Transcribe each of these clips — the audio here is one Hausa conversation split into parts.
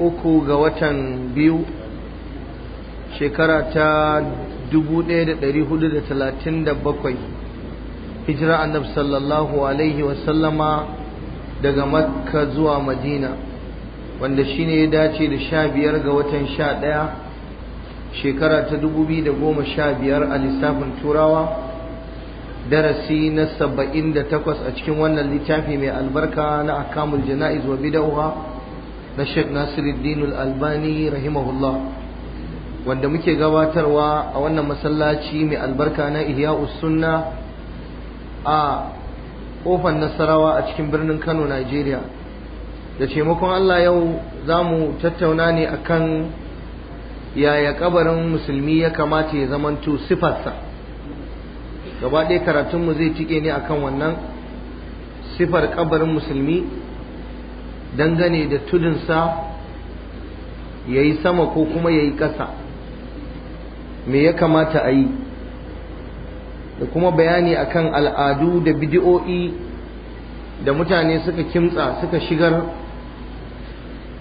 uku ga watan biyu shekara ta 1437 hijira annabi sallallahu alaihi wasallama daga makka zuwa madina wanda shine ya dace da sha biyar ga watan sha ɗaya shekara ta 2015 a lissafin turawa darasi na 78 a cikin wannan littafi mai albarka na akamul jana'iz wa bida'uha na Sheikh Nasiruddin Al-Albani rahimahullah wanda muke gabatarwa a wannan masallaci mai albarka na ihya Sunna a kofar Nasarawa a cikin birnin Kano nigeria da taimakon Allah yau za mu tattauna ne akan yaya kabarin musulmi ya kamata ya zamanto sifarsa gaba ɗaya karatunmu zai tike ne akan wannan sifar kabarin musulmi dangane da tudunsa ya yi sama ko kuma ya yi ƙasa me ya kamata a yi da kuma bayani akan al'adu da bidiyo'i da mutane suka kimtsa suka shigar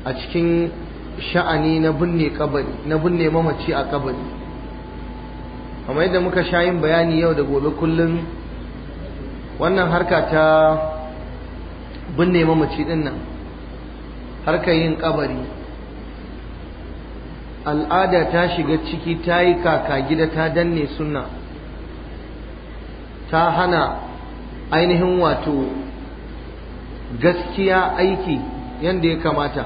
a cikin sha'ani na binne mamaci a kabari kamar yadda muka sha yin bayani yau da gobe kullum wannan harka ta binne mamaci din Har ka yin kabari al'ada ta shiga ciki ta yi kaka gida ta danne sunna ta hana ainihin wato gaskiya aiki yadda ya kamata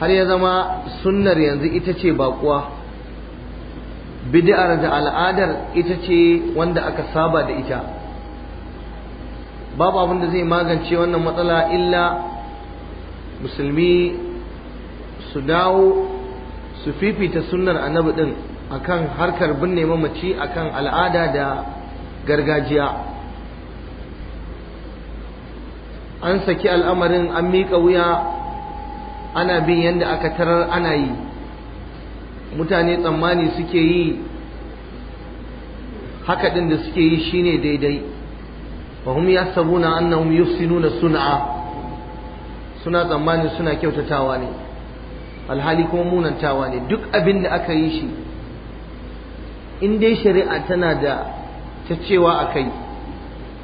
har ya zama sunnar yanzu ita ce bakuwa bid'ar da al'adar ita ce wanda aka saba da ita babu abin da zai magance wannan matsala illa musulmi su dawo su fifita sunnar annabi din akan harkar binne mamaci akan al'ada da gargajiya an saki al'amarin an miƙa wuya ana bin yadda aka tarar ana yi mutane tsammani suke yi haka ɗin da suke yi shine daidai wa hum yasabuna annahum yufsinuna sun'a suna tsammanin suna kyautatawa ne alhali kuma munantawa ne duk abin da aka yi shi in dai shari'a tana da ta cewa a kai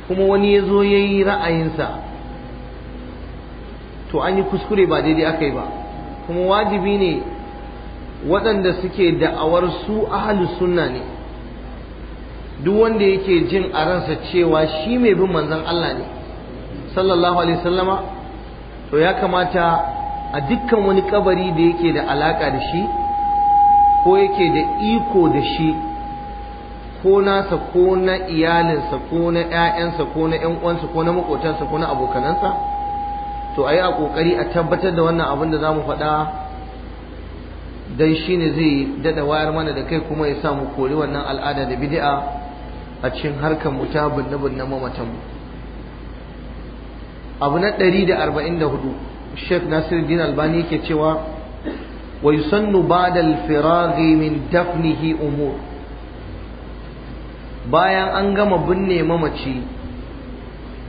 kuma wani ya zo ya yi ra'ayinsa to an yi kuskure ba daidai aka yi ba kuma wajibi ne waɗanda suke da'awar su ahalus sunna ne duk wanda yake jin a ransa cewa shi mai bin manzon Allah ne sallallahu alaihi wasallama to ya kamata a dukkan wani kabari da yake da alaka da shi ko yake da iko da shi ko nasa ko na iyalinsa ko na 'ya'yansa ko na 'yan'uwansa ko na makotansa ko na abokanansa to a yi a ƙoƙari a tabbatar da wannan abin da za mu faɗa don shi ne zai daɗa wayar mana da kai kuma ya sa mu kori wannan al'ada da bidi'a a cikin harkar mu ta binne-binne mamatanmu abu na 144 Sheikh Nasiruddin Albani yake cewa wa yusannu ba'da al-firaghi min dafnihi umur bayan an gama binne mamaci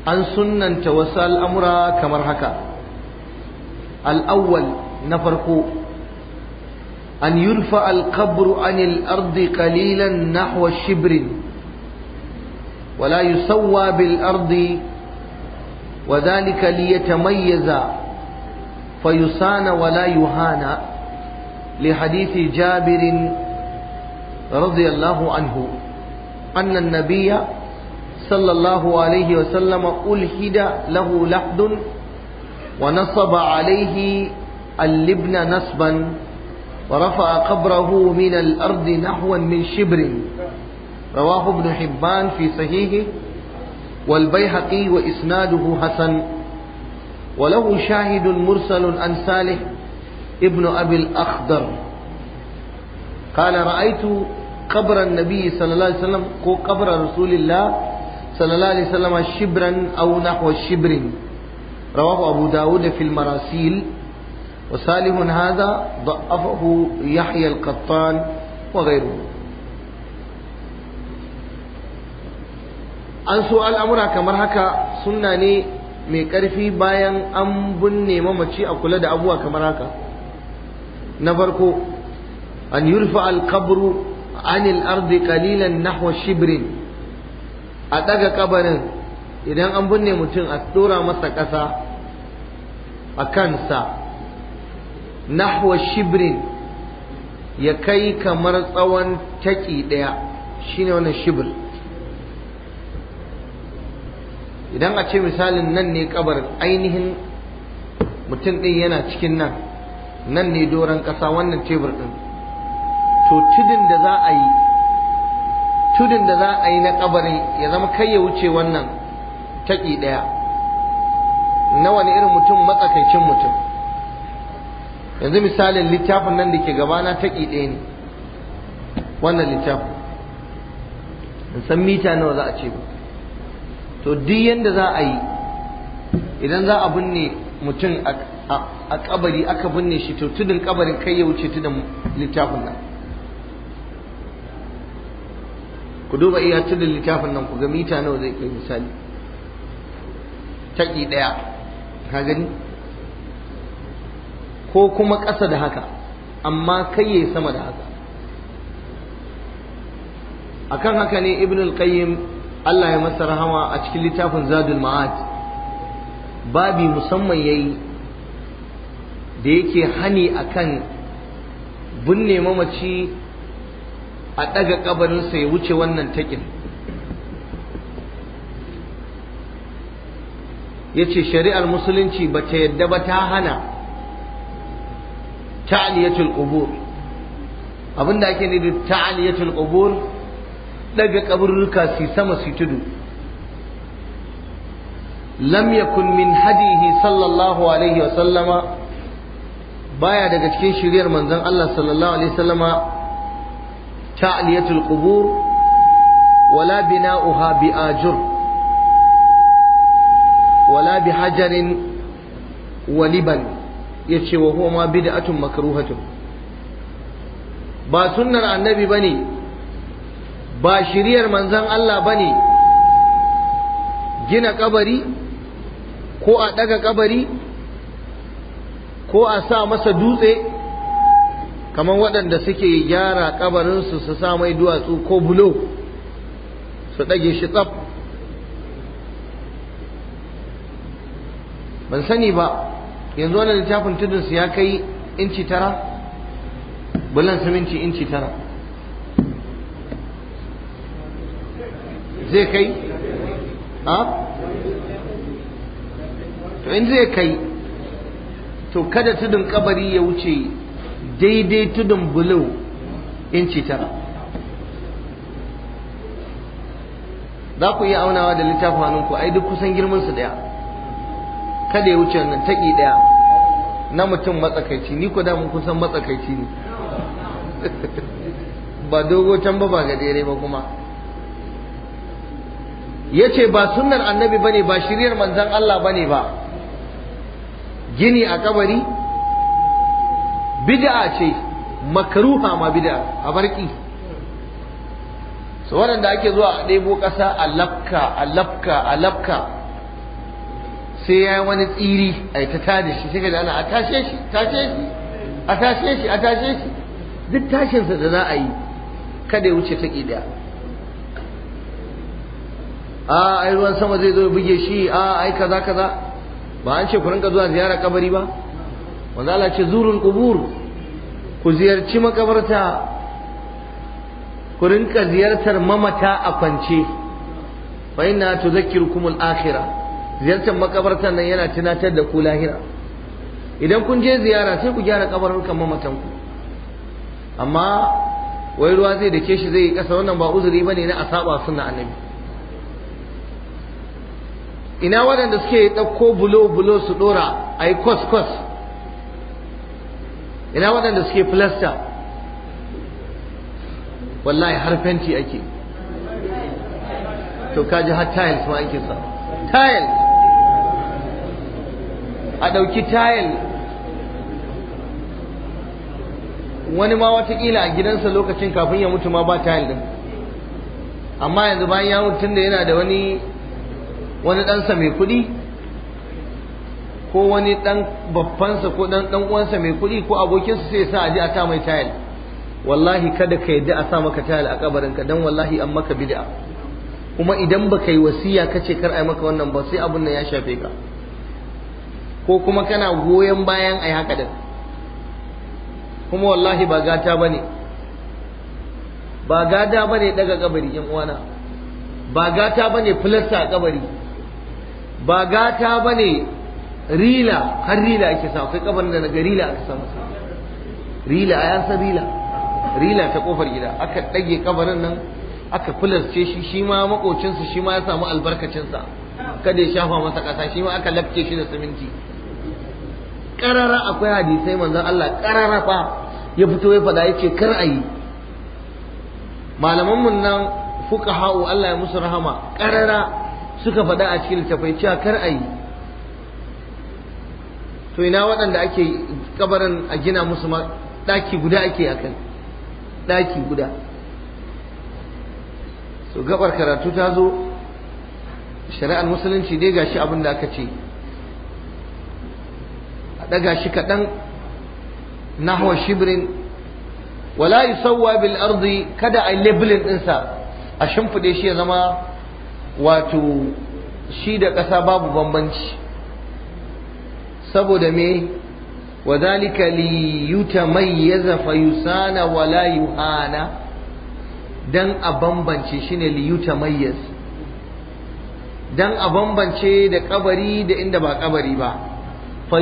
an sunnanta wasu al'amura kamar haka al'awwal na farko an yurfa al anil ardi kalilan nahwa shibrin wala yusawwa bil ardi وذلك ليتميز فيصان ولا يهان لحديث جابر رضي الله عنه أن النبي صلى الله عليه وسلم ألحد له لحد ونصب عليه اللبن نصبا ورفع قبره من الأرض نحوا من شبر رواه ابن حبان في صحيحه والبيهقي وإسناده حسن وله شاهد مرسل عن صالح ابن أبي الأخضر قال رأيت قبر النبي صلى الله عليه وسلم قبر رسول الله صلى الله عليه وسلم شبرا أو نحو الشبر رواه أبو داود في المراسيل وصالح هذا ضعفه يحيى القطان وغيره an so al'amura kamar haka suna ne mai ƙarfi bayan an binne mamaci a kula da abuwa kamar haka na farko an yurfa alkabru anil ardi kalilan nahwa shibrin a ɗaga ƙabarin, idan an binne mutum a ɗora masa ƙasa a kansa nahwa shibrin ya kai kamar tsawon taƙi ɗaya shine wannan shibir idan a ce misalin nan ne kabar ainihin mutum ɗin yana cikin nan nan ne doron ƙasa wannan tebur ɗin to tudun da za a yi tudin da za a yi na ƙabarin ya zama kai ya wuce wannan taƙi ɗaya na wani irin mutum matsakaicin mutum yanzu misalin littafin nan da ke gabana taƙi ɗaya ne wannan littafin san mita nawa za a ce ba to duk yadda za a yi idan za a binne mutum a kabari aka binne shi to tudun kabarin kai ya wuce tudun littafin nan ku duba iya tudun littafin nan ku ga mita nawa zai kai misali taƙi ɗaya ka gani ko kuma ƙasa da haka amma kai ya sama da haka akan haka ne ibn al-qayyim Allah ya masa rahama a cikin littafin zadul ma'ad babi musamman yayi da yake hani akan binne mamaci a ɗaga ƙabarinsa ya wuce wannan taƙin ya ce shari'ar musulunci ba ta yadda ba ta hana ta'aliyatul qubur abinda ake nufi ta'aliyatul qubur ɗaga kaburruka su sama su tudu lam yakun min hadihi sallallahu alaihi wa sallama baya daga cikin shiryar manzon Allah sallallahu alaihi wa sallama ta'liyatul qubur wala bina'uha bi ajur wala bi hajarin waliban yace wa huwa ma bid'atun makruhatun ba sunnar annabi bane ba shiriyar manzan Allah ba ne gina kabari ko a ɗaga kabari ko a sa masa dutse kamar waɗanda suke gyara kabarinsu su sa mai duwatsu ko bulo su ɗage shi tsaf ban sani ba yanzu wannan littafin tudunsu ya kai inci tara bulan minci inci tara zai kai ha to in zai kai to kada tudun kabari ya wuce daidai tudun bulo inci tara za ku iya aunawa da littafin hannunku ai duk kusan girman su daya kada ya wuce wannan taƙi daya na mutum matsakaici ni ku da mun kusan matsakaici ne ba dogo can ba ba gajere ba kuma yace ba sunnar annabi ba ne ba shiriyar manzan Allah ba ne ba gini a kabari bid'a ce makaruha ma bid'a a barki so waɗanda ake zuwa a ɗebo ƙasa a lafka a lafka a lafka sai ya yi wani tsiri a yi ta tada shi sai ka ana a tashe shi tashe shi a tashe shi a tashe shi duk tashinsa da za a yi kada ya wuce ta ɗaya a ai ruwan sama zai zo buge shi a ai kaza kaza ba an ce ku rinka zuwa ziyara kabari ba wanda Allah ce zurul qubur ku ziyarci makabarta ku rinka ziyartar mamata a kwance fa inna tudhakkirukum al-akhirah ziyartar makabarta nan yana tunatar da ku lahira idan kun je ziyara sai ku gyara kabarukan mamatan ku amma wai ruwa zai dake shi zai yi kasa wannan ba uzuri bane na asaba sunna annabi ina waɗanda suke ɗauko bulo-bulo su ɗora a yi kwas-kwas ina waɗanda suke filasta wallahi har fenti ake to kaji har tiles ma ake sa tiles a ɗauki tile wani ma watakila a gidansa lokacin kafin ya mutu ma ba tile ɗin amma yanzu bayan ya mutu da yana da wani wani ɗansa mai kuɗi ko wani ɗan babbansa ko ɗan ɗan uwansa mai kuɗi ko abokinsa sai sa aje a sa mai tayil wallahi kada ka yadda a sa maka tayil a kabarinka dan wallahi an maka bid'a kuma idan baka yi wasiya kace kar ai maka wannan ba sai abun nan ya shafe ka ko kuma kana goyon bayan ai haka din kuma wallahi ba gata bane ba ba bane daga kabari yan uwana ba gata bane filasta a kabari ba gata ba ne rila har rila ake sa kai kafar da daga rila aka sa masa rila a san rila rila ta kofar gida aka ɗage kabarin nan aka fularce shi shi ma makocinsa shi ma ya samu albarkacinsa kada ya shafa masa ƙasa shi ma aka lafke shi da siminti ƙarara akwai hadisai manzon Allah ƙarara fa ya fito ya faɗa yake kar a yi mun nan fuka ha'u Allah ya musu rahama ƙarara suka faɗa a cikin littafai cewa kar a yi to ina waɗanda ake kabarin a gina musu ma ɗaki guda ake a kai ɗaki guda so gabar karatu ta zo shari'ar musulunci dai gashi abin da aka ce a ɗaga shi kaɗan nahwa shibirin wala yusawwa bil ardi kada a labelin ɗinsa a shimfiɗe shi ya zama wato shi da ƙasa babu bambanci saboda me wa zalika li yutamayyaza fa yusana wa yuhana dan a bambance shine li yutamayyaz dan a bambance da kabari da inda ba kabari ba fa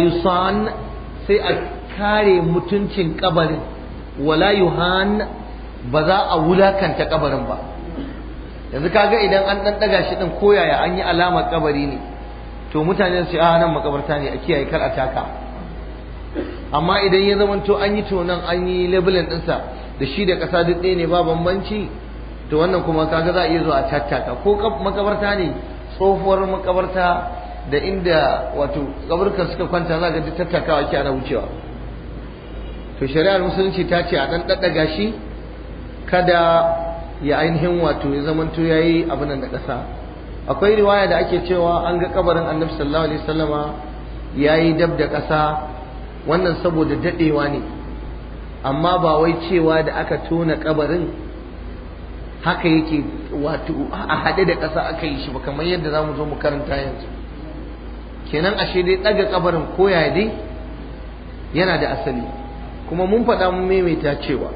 sai a kare mutuncin kabarin wala yuhan ba za a wulakanta kabarin ba yanzu kaga idan an dan daga shi din koyaya an yi alamar kabari ne to mutane su a ah, nan makabarta ne a kiyaye kar a taka amma idan ya to an yi tonan an yi labelin ɗinsa da shi da kasa duk ne ba bambanci to wannan kuma kaga za a iya zuwa a tattaka ko makabarta ne tsohuwar makabarta da inda wato kaburkan suka kwanta za ga duk tattakawa ke ana wucewa to shari'ar musulunci ta ce a ɗan daddaga shi kada ya ainihin wato ya zamanto yayi abin da ƙasa akwai riwaya da ake cewa an ga kabarin annabi sallallahu alaihi wasallama yi dab da ƙasa wannan saboda dadewa ne amma ba wai cewa da aka tona kabarin haka yake wato a haɗe da ƙasa aka yi shi ba kamar yadda za mu zo mu karanta yanzu kenan ashe dai ɗaga kabarin koya dai yana da asali kuma mun faɗa mun maimaita cewa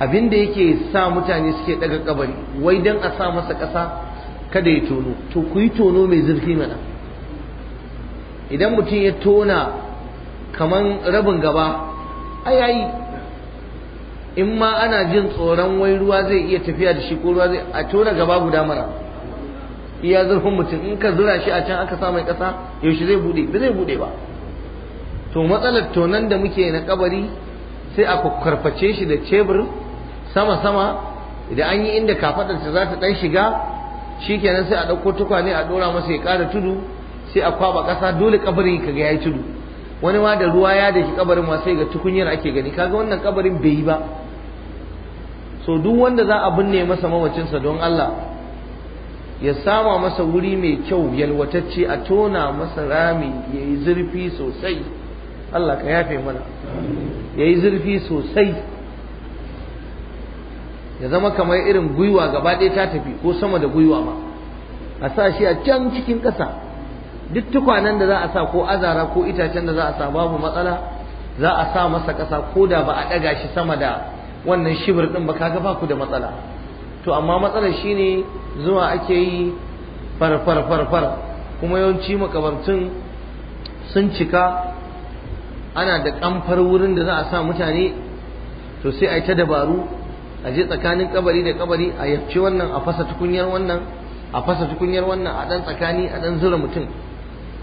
abin da yake sa mutane suke daga kabari wai dan a sa masa ƙasa kada ya tono to ku yi tono mai zurfi mana idan mutum ya tona kaman rabin gaba ayayi in ma ana jin tsoron wai ruwa zai iya tafiya da shi ko ruwa zai a tona gaba guda mana iya zurfin mutum in ka zura shi a can aka sa mai ƙasa yaushe zai bude ba zai bude ba to matsalar tonan da muke na kabari sai a kwakwarface shi da cebur sama sama idan an yi inda kafadarsa za ta dan shiga shikenan sai a ɗauko tukwane a ɗora masa ya ƙara tudu sai a kwaba ƙasa dole kabarin kaga yayi tudu wani ma da ruwa ya daki kabarin ma sai ga tukunyar ake gani kaga wannan kabarin bai yi ba so duk wanda za a binne masa mawacinsa don Allah ya sama masa wuri mai kyau yalwatacce a tona masa rami ya zurfi sosai Allah ka yafe mana ya yi zurfi sosai ya zama kamar irin gwiwa gaba ɗaya ta tafi ko sama da gwiwa ma a sa shi a can cikin ƙasa duk tukwanen da za a sa ko azara ko itacen da za a sa babu matsala za a sa masa ƙasa ko da ba a ɗaga shi sama da wannan shibir ɗin ba kaga ba ku da matsala to amma matsalar shi shine zuwa ake yi farfarfarfar kuma yawanci makabartun sun cika ana da ƙamfar wurin da za a sa mutane to sai a yi ta dabaru a je tsakanin kabari da kabari a yafci wannan a fasa tukunyar wannan a fasa tukunyar wannan a dan tsakani a dan zura mutum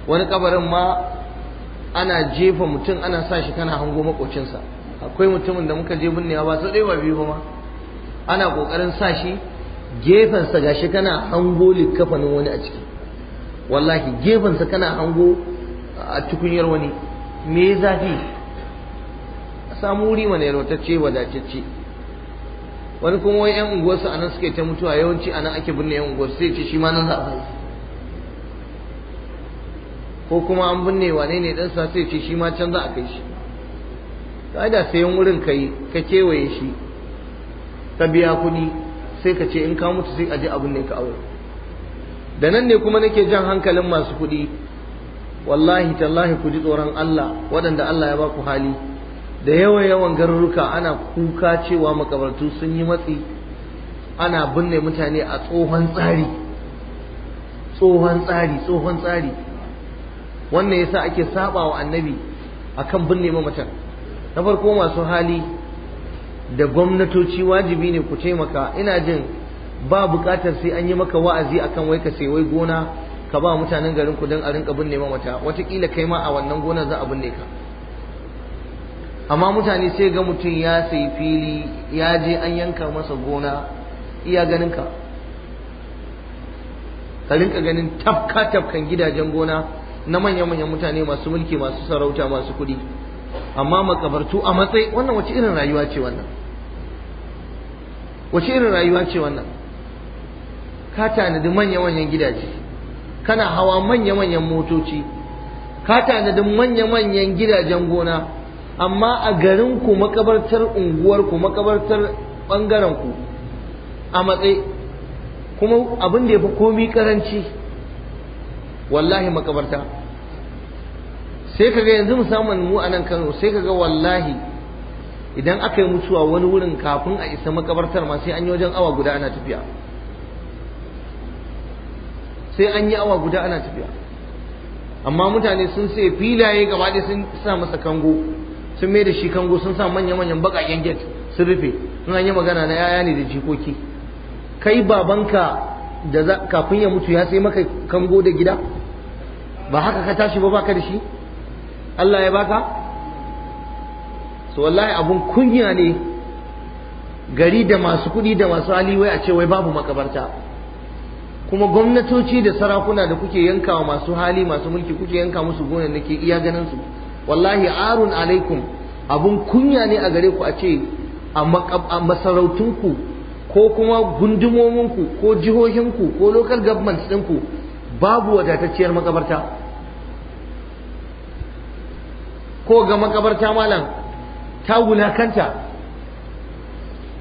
wani kabarin ma ana jefa mutum ana sa shi kana hango makocinsa akwai mutumin da muka je binnewa ba sau dai ba biyu ba ma ana ƙoƙarin sa shi gefen sa gashi kana hango likafanin wani a ciki wallahi sa kana hango a tukunyar wani me zafi a samu wuri mana yalwatacce wadatacce wani kuma wani yan unguwarsa nan suke ta mutuwa yawanci a nan ake binne yan unguwarsa sai ce shi ma nan za a ko kuma an binne wane ne dan sa sai ce shi ma can za a kai shi kaida sayan wurin kai ka kewaye shi ka biya kuɗi sai ka ce in ka mutu sai a je abin ne ka aure da nan ne kuma nake jan hankalin masu kuɗi wallahi tallahi ku ji tsoron Allah waɗanda Allah ya ba ku hali da yawan yawan garuruka ana kuka cewa makabartu sun yi matsi ana binne mutane a tsohon tsari tsohon tsari tsohon tsari wannan yasa ake saba wa annabi akan binne mamatan na farko masu hali da gwamnatoci wajibi ne ku taimaka ina jin ba bukatar sai an yi maka wa'azi akan wai ka sai wai gona ka ba mutanen garin ku don a rinka binne mamata watakila kai ma a wannan gona za a binne ka amma mutane sai ga mutum ya sayi fili ya je an yanka masa gona iya ganinka ka rinka ganin tafka tafkan gidajen gona na manya-manyan mutane masu mulki masu sarauta masu kuɗi amma makabartu a matsayi wannan wace irin rayuwa ce wannan wace irin rayuwa ce wannan ka tanadi manya-manyan gidaje kana hawa manya-manyan motoci ka tanadi manya-manyan gidajen gona amma a garin ku makabartar unguwar ku makabartar bangaren ku a matsayi kuma abin da ya fi komi karanci wallahi makabarta sai kaga yanzu musamman mu a nan Kano sai kaga wallahi idan aka yi mutuwa wani wurin kafin a isa makabartar ma sai an yi wajen awa guda ana tafiya sai an yi awa guda ana tafiya amma mutane sun sai filaye gaba sun sa masa kango sun mai da shi kango sun sa manya-manyan baƙaƙen get sun rufe sun an yi magana na yaya ne da jikoki kai babanka da kafin ya mutu ya sai maka kango da gida ba haka ka tashi ba baka da shi Allah ya baka so wallahi abun kunya ne gari da masu kuɗi da masu hali wai a ce babu makabarta kuma gwamnatoci da sarakuna da kuke yankawa masu hali masu mulki kuke yanka musu ke iya ganin su wallahi arun alaikum abun kunya ne a gare ku a ce a masarautunku ko kuma gundumominku ko jihohinku ko local governments ɗinku babu wadatacciyar makabarta ko ga makabarta malam ta kanta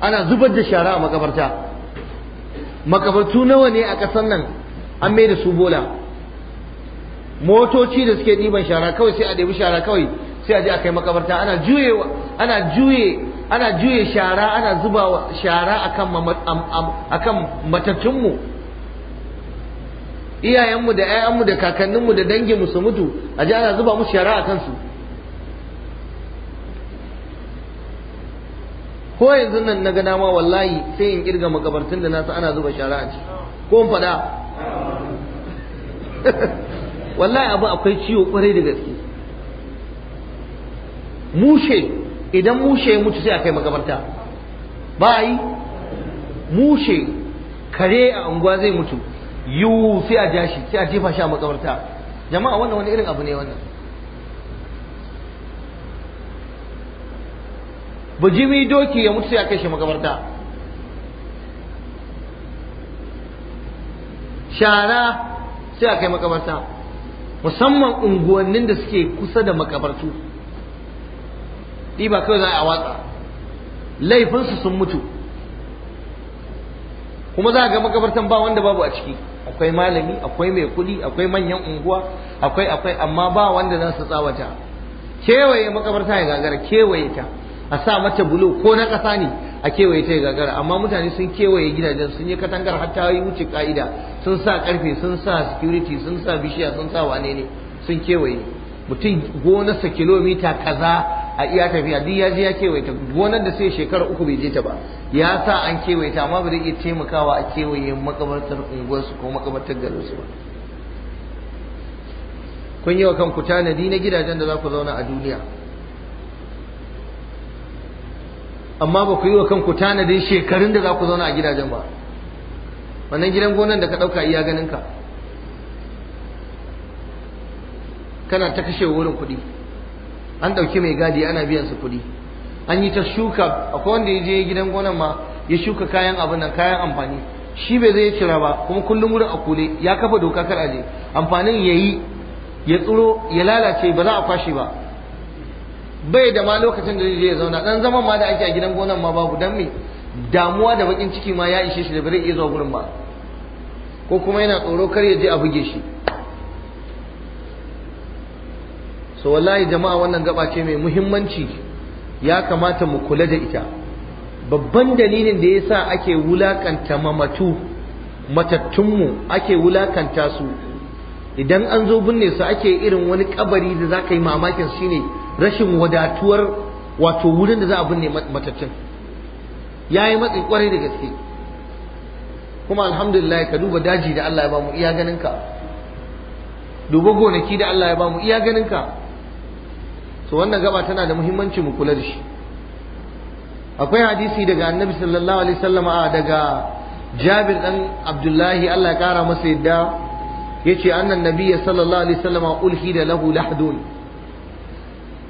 ana zubar da shara a makabarta makabartu nawa ne a ƙasar nan an mai da su bola motoci da suke ɗiban shara kawai sai a ɗebi shara kawai sai a je a kai makabarta ana juye ana juye ana juye shara ana zuba shara akan akan matattunmu iyayenmu da 'ya'yanmu da kakanninmu da danginmu su mutu a ji ana zuba musu shara a kansu ko yanzu nan na ga dama wallahi sai in kirga makabartun da nasu ana zuba shara a ciki ko in faɗa wallahi abu akwai ciwo kwarai da gaske mushe idan mushe ya mutu sai a kai makabarta ba yi mushe kare a unguwa zai mutu yiwu sai a jashi sai a jefa shi a makabarta jama'a wannan wani irin abu ne wannan bujimi doki ya mutu sai a kai shi makabarta shara sai a kai makamarta musamman unguwannin da suke kusa da makabartu ɗiba kawai za a watsa laifinsu sun mutu kuma za a ga makabartan ba wanda babu a ciki akwai malami akwai mai kuɗi akwai manyan unguwa akwai akwai amma ba wanda za su tsawata kewaye makabarta ya gagara kewaye ta a sa mata bulo ko na ƙasa ne a kewaye ta gagara amma mutane sun kewaye gidajen sun yi katangar har ta wuce ka'ida sun sa ƙarfe sun sa security sun sa bishiya sun sa wane ne sun kewaye mutum gonarsa kilomita kaza a iya tafiya duk ya je ya kewaye ta gonar da sai shekara uku bai je ta ba ya sa an kewaye ta amma ba zai iya taimakawa a kewaye makabartar unguwarsu ko makabartar garinsu ba kun yi wa kanku tanadi na gidajen da za ku zauna a duniya amma ba ku yi wa kanku tanadin shekarun da za ku zauna a gidajen ba wannan gidan gonan da ka ɗauka iya ganin kana ta kashe wurin kuɗi an ɗauki mai gadi ana biyan su kuɗi an yi ta shuka akwai wanda ya je gidan gonan ma ya shuka kayan abin nan kayan amfani shi bai zai cira ba kuma kullum wurin a kule ya kafa doka kar aje amfanin ya yi ya tsiro ya lalace ba za a kwashe ba bai da ma lokacin da zai zauna dan zaman ma da ake a gidan gonan ma babu dan me damuwa da bakin ciki ma ya ishe shi da bai iya zuwa gurin ba ko kuma yana tsoro kar ya je a buge shi so wallahi jama'a wannan gaba ce mai muhimmanci ya kamata mu kula da ita babban dalilin da yasa ake wulakanta mamatu matattunmu ake wulakanta su idan an zo binne su ake irin wani kabari da za ka yi mamakin shine rashin wadatuwar wato wurin da za a binne matattun ya yi matsi kwarai da gaske kuma alhamdulillah ka duba daji da Allah ya bamu iya ganinka duba gonaki da Allah ya bamu iya ganinka to wannan gaba tana da muhimmanci mu kula da shi akwai hadisi daga annabi sallallahu alaihi a daga jabir dan abdullahi Allah ya kara masa yadda yace annan nabiyyi sallallahu alaihi wasallama ulhida lahu lahdun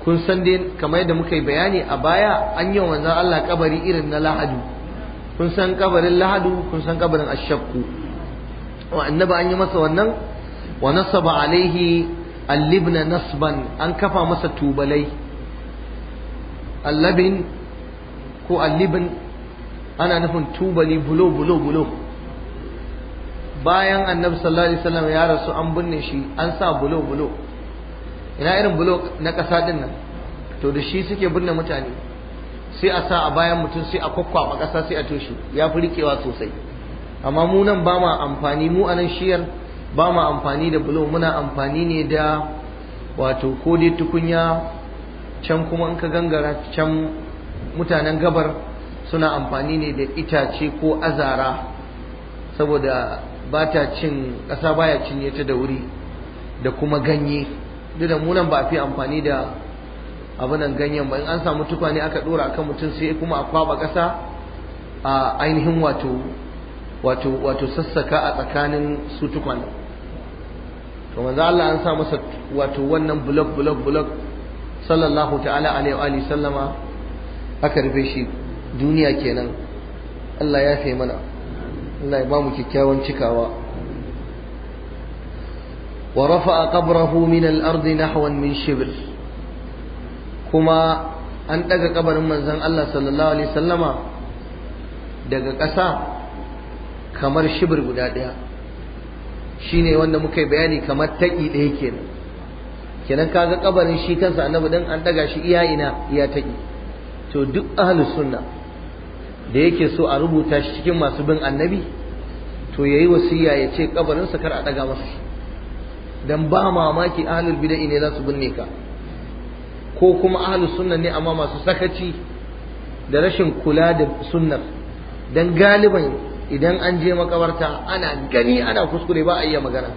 kun san dai kamar yadda muka yi bayani a baya an yi wanzan Allah kabari irin na lahadu kun san kabarin lahadu kun san kabarin ashakku wa annabi an yi masa wannan wa nasaba alaihi allibna nasban an kafa masa tubalai allabin ko allibin ana nufin tubali bulo bulo bulo bayan annabi sallallahu alaihi wasallam ya rasu an binne shi an sa bulo bulo ina irin bulo na ƙasa din nan to da shi suke binne mutane sai a sa a bayan mutum sai a kwakwaba kasa sai a toshe ya fi riƙewa sosai amma mu nan ba ma amfani mu a nan shiyar ba ma amfani da bulo muna amfani ne da wato ko dai tukunya can kuma in ka gangara can mutanen gabar suna amfani ne da itace ko azara saboda Bata cin ƙasa baya cinye ta da wuri da kuma ganye duk da munan ba a fi amfani da abunan ganyen ba in an samu tukwane aka dora akan mutum sai kuma a kwaba ƙasa a ainihin wato wato wato sassaka a tsakanin su tukwane to manzo Allah an sa masa wato wannan bulok bulok bulok sallallahu ta'ala alaihi wa sallama aka rufe shi duniya kenan Allah ya fi mana Allah ya ba mu kyakkyawan cikawa wa rafa'a qabrahu min al-ard nahwan min shibr kuma an daga kabarin manzon Allah sallallahu alaihi wasallama daga ƙasa kamar shibir guda ɗaya shine wanda muka yi bayani kamar taƙi ɗaya kenan kenan kaga kabarin shi kansa annabi dan an daga shi iya ina iya taƙi to duk ahlus sunna da yake so a rubuta shi cikin masu bin annabi to yayi wasiya ya ce kabarinsa kar a daga masa dan ba mamaki ahlul bid'a ne za su binne ka ko kuma ahlus sunna ne amma masu sakaci da rashin kula da sunnar dan galiban idan an je makabarta ana gani ana kuskure ba a iya magana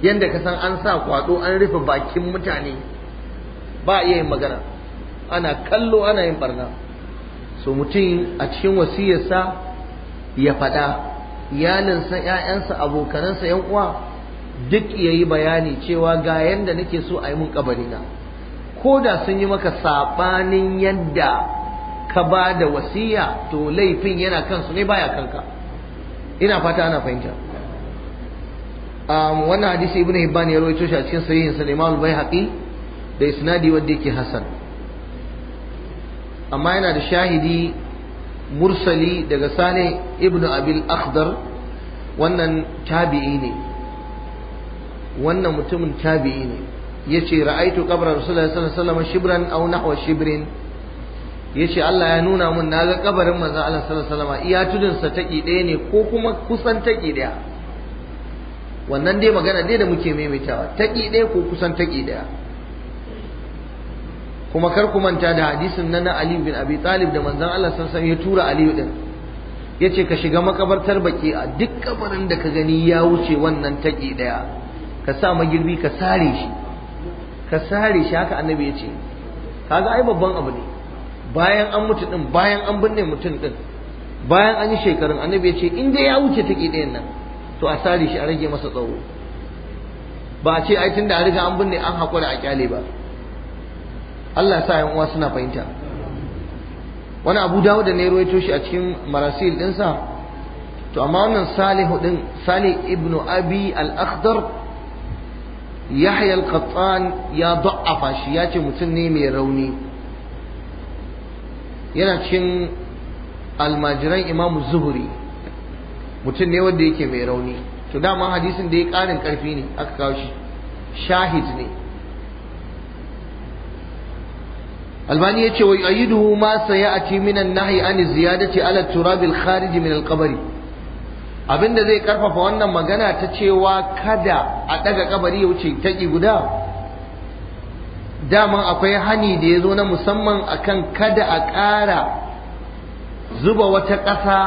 yanda ka san an sa kwado an rufe bakin mutane ba a iya yin magana ana kallo ana yin barna so mutum a cikin wasiyarsa ya faɗa iyalinsa ‘ya'yansa abokanansa ‘yan uwa duk ya yi bayani cewa ga yadda nake so a yi mun na. ko da sun yi maka saɓanin yadda ka ba da wasiya to laifin yana kansu ne baya kanka ina fata ana fahimta um, wannan hadisi ibn hibban ya rawaito shi a cikin sahihin sa al da isnadi wadda yake hasan amma yana da shahidi mursali daga sane ibn abil akhdar wannan tabi'i ne wannan mutumin tabi'i ne yace ra'aitu qabra rasulullahi sallallahu alaihi wasallam shibran aw nahwa shibrin yace Allah ya nuna mun naga kabarin manzo Allah sallallahu alaihi wasallam iya tudun sa taki ɗaya ne ko kuma kusan taki ɗaya wannan dai magana dai da muke maimaitawa taki ɗaya ko kusan taki ɗaya kuma kar ku manta da hadisin nan na Ali bin Abi Talib da manzon Allah sallallahu alaihi ya tura Ali din yace ka shiga makabartar baki a duk kabarin da ka gani ya wuce wannan taki daya ka sa magirbi ka sare shi ka sare shi haka annabi yace kaga ai babban abu ne bayan an mutu din bayan an binne mutum din bayan an yi shekarun annabi yace in dai ya wuce taki dayan nan to a sare shi a rage masa tsawo ba a ce ai tunda a riga an binne an hakura a kyale ba Allah ya sa yan uwa suna fahimta wani Abu Dawud Nero ya shi a cikin marasil ɗinsa to amma wannan Salihu din Salih ibn Abi al-Akhdar Yahya al-Qattan ya da'afa shi ya ce mutum ne mai rauni yana cikin almajiran Imam Zuhri mutum ne wanda yake mai rauni to dama hadisin da ya karin karfi ne aka kawo shi shahid ne albani ya ce wa yu'iduhu ma sayati minan an an ziyadati ala turabil al-kharij min al qabri abinda zai karfafa wannan magana ta cewa kada a daga kabari ya wuce taki guda daman akwai hani da ya zo na musamman akan kada a ƙara zuba wata ƙasa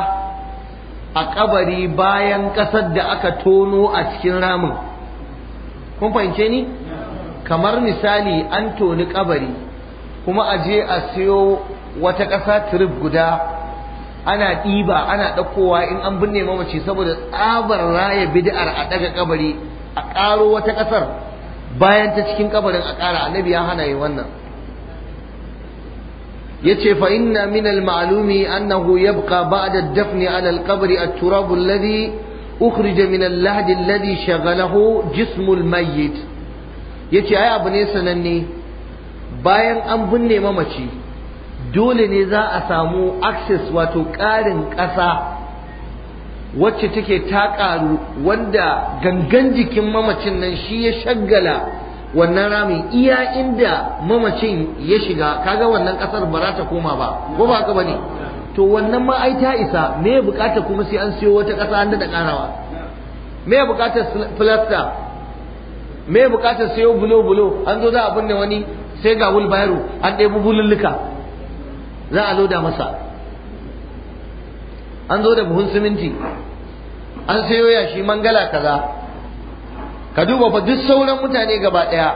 a kabari bayan ƙasar da aka tono a cikin ramin kun fahimce ni kamar misali an toni kabari kuma a je a siyo wata ƙasa trip guda ana ɗiba ana ɗaukowa in an binne mamaci saboda tsabar raya bid'ar a ɗaga kabari a ƙaro wata ƙasar bayan ta cikin kabarin a ƙara annabi ya hana yi wannan yace fa inna min al-ma'lumi annahu yabqa ba'da dafni dafn 'ala al-qabr at-turab alladhi ukhrija min al-lahd alladhi shaghalahu jismu al-mayyit yace ai abu ne sananne bayan an binne mamaci dole ne za a samu access wato ƙarin ƙasa wacce take ta ƙaru wanda gangan jikin mamacin nan shi ya shaggala wannan rami. iya inda mamacin ya shiga kaga wannan ƙasar ba za ta koma ba ko ba haka bane to wannan ma ai ta isa me ya bukata kuma sai an siyo wata ƙasa an da ƙarawa me ya bukata filasta me ya bukata sayo bulo bulo an zo za a binne wani sai ga wulbayaro an ɗebi bululluka za a da masa an zo da buhun siminti an sayo yashi mangala kaza ka duba fa duk sauran mutane gaba ɗaya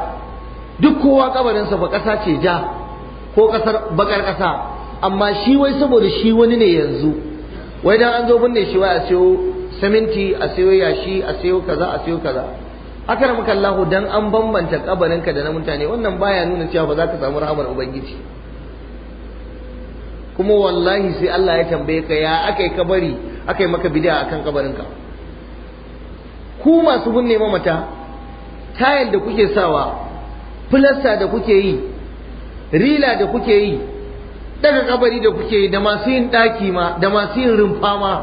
duk kowa kabarinsa ba ƙasa ce ja ko ƙasar baƙar ƙasa amma shi wai saboda shi wani ne yanzu wai dan an zo binne shi wai a sayo siminti a sayo yashi a sayo kaza a sayo kaza akramaka Allah dan an bambanta kabarinka da na mutane wannan baya nuna cewa ba za ka samu rahmar ubangiji kuma wallahi sai Allah ya tambaye ka ya akai kabari akai maka bid'a akan kabarinka ku masu binne mamata tayar da kuke sawa filasta da kuke yi rila da kuke yi daga kabari da kuke yi da masu yin daki ma da masu yin rumfa ma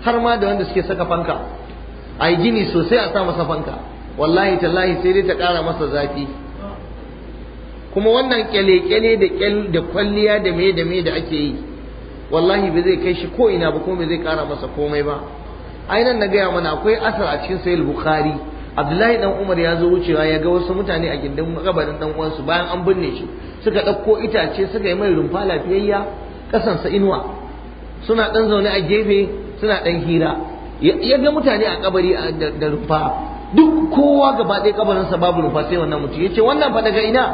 har ma da wanda suke saka fanka a yi gini sosai a sa masa fanka wallahi tallahi sai dai ta ƙara masa zafi kuma wannan kyale-kyale da da kwalliya da me da me da ake yi wallahi ba zai kai shi ko ina ba kuma zai ƙara masa komai ba ainihin na gaya mana akwai asar a cikin sayil bukhari abdullahi dan umar ya zo wucewa ya ga wasu mutane a gindin kabarin dan uwansu bayan an binne shi suka ɗauko itace suka yi mai rumfa lafiyayya ƙasansa inuwa suna ɗan zaune a gefe suna ɗan hira ya ga mutane a kabari da rufa duk kowa gaba ɗaya kabarin sa babu rufa sai wannan mutum ya ce wannan fa daga ina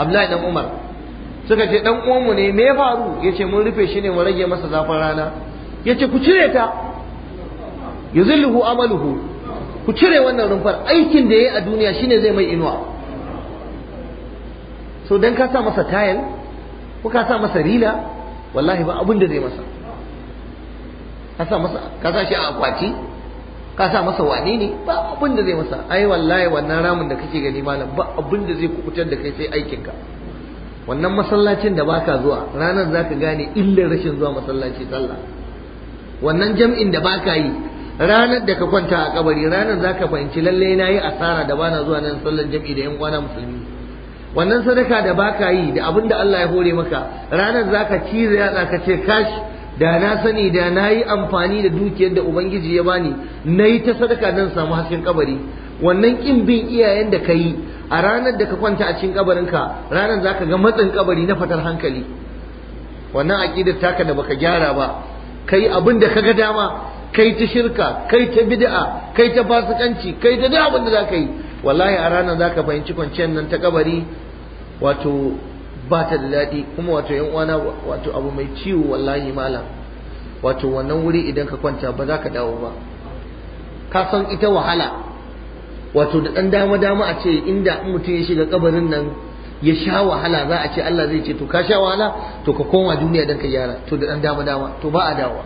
abdullahi dan umar suka ce dan uwanmu ne me ya faru ya ce mun rufe shi ne mu rage masa zafin rana ya ce ku cire ta yuzilluhu amaluhu ku cire wannan rumfar aikin da ya yi a duniya shine zai mai inuwa so dan ka sa masa tayal ko ka sa masa rila wallahi ba abin da zai masa ka sa masa shi a akwati ka sa masa wane ne ba abin da zai masa ai wallahi wannan ramin da kake gani malam ba abin da zai kukutar da kai sai aikin ka wannan masallacin da baka zuwa ranar zaka gane illar rashin zuwa masallaci sallah wannan jam'in da baka yi ranar da ka kwanta a kabari ranar zaka fahimci lalle na yi asara da bana zuwa nan sallar jam'i da yan kwana musulmi wannan sadaka da baka yi da abin da Allah ya hore maka ranar zaka ciza ya ka ce kashi da na sani da na yi amfani da dukiyar da ubangiji ya bani na yi ta sadaka nan samu hasken kabari wannan kin bin iyayen da ka yi a ranar da ka kwanta a cikin kabarinka ranar za ka ga matsin kabari na fatar hankali wannan aƙidar taka da baka gyara ba kai abin da ka ga dama kai ta shirka kai ta bid'a kai ta fasikanci kai ta duk abin da za ka yi wallahi a ranar za ka fahimci kwanciyar nan ta kabari wato ba ta da daɗi kuma wato yan uwana wato abu mai ciwo wallahi malam wato wannan wuri idan ka kwanta ba za ka dawo ba ka san ita wahala wato da ɗan dama dama a ce inda mutum ya shiga kabarin nan ya sha wahala za a ce Allah zai ce to ka sha wahala to ka koma duniya dan ka gyara to da ɗan dama dama to ba a dawo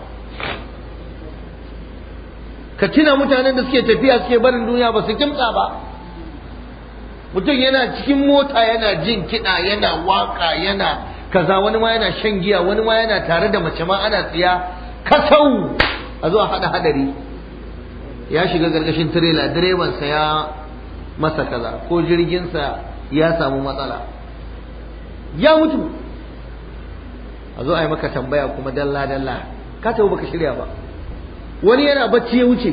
ka tuna mutanen da suke tafiya suke barin duniya ba su kimtsa ba mutum yana cikin mota yana jin kiɗa yana waka yana kaza wani ma yana shan giya wani ma yana tare da mace ma ana tsiya kasau a zuwa hada hadari ya shiga gargashin tirela direbansa ya masa kaza ko jirginsa ya samu matsala ya mutu a zo a yi maka tambaya kuma dalla dalla ka tafi baka shirya ba wani yana bacci ya wuce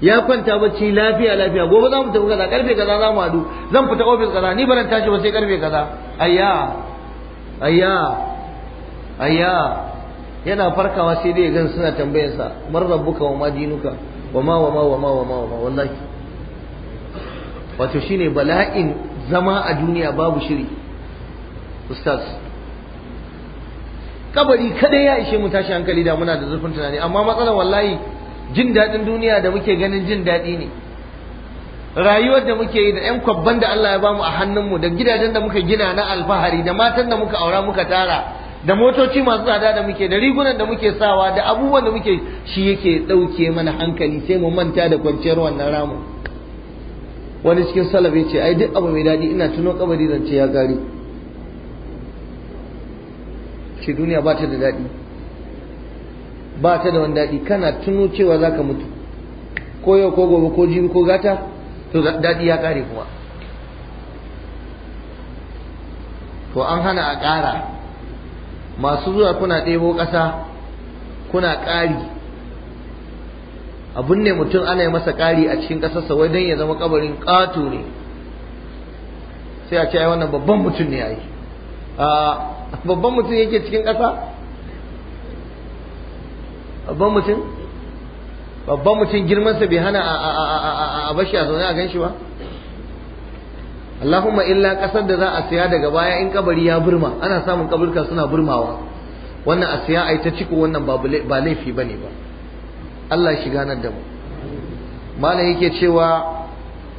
ya kwanta bacci lafiya lafiya gobe za mu tafi kaza karfe kaza za mu hadu zan fita ofis kaza ni baran tashi ba sai karfe kaza ayya ayya ayya yana farkawa sai dai gan suna tambayar sa mar rabbuka wa ma dinuka wa ma wa ma wa ma wa ma wa ma wallahi wato shine bala'in zama a duniya babu shiri ustaz kabari kada ya ishe mu tashi hankali da muna da zurfin tunani amma matsalar wallahi jin daɗin duniya da muke ganin jin daɗi ne rayuwar da muke yi da 'yan kwabban da Allah ya bamu a hannunmu da gidajen da muka gina na alfahari da matan da muka aura muka tara da motoci masu tsada da muke da rigunan da muke sawa da abubuwan da muke shi yake ɗauke mana hankali sai mu manta da kwanciyar wannan ramu wani cikin salaf ce ai duk abu mai daɗi ina tuno kabari zance ya gari ce duniya ba ta da daɗi ba ta da wani daɗi kana tuno cewa za ka mutu ko yau ko gobe ko jibi ko gata to daɗi ya ƙare kuma to an hana a ƙara masu zuwa kuna ɗebo ƙasa kuna ƙari abun ne mutum ana yi masa ƙari a cikin ƙasarsa wai don ya zama ƙabarin ƙato ne sai a ce ai wannan babban mutum ne a yi ah, babban mutum yake cikin ƙasa babban mutum babban mutum girmansa bai hana a bashi a zaune a gan shi ba Allahumma illa kasar da za a siya daga baya in kabari ya burma ana samun kaburka suna burmawa wannan a siya ai ta ciko wannan ba laifi bane ba Allah shi ganar da mu malam yake cewa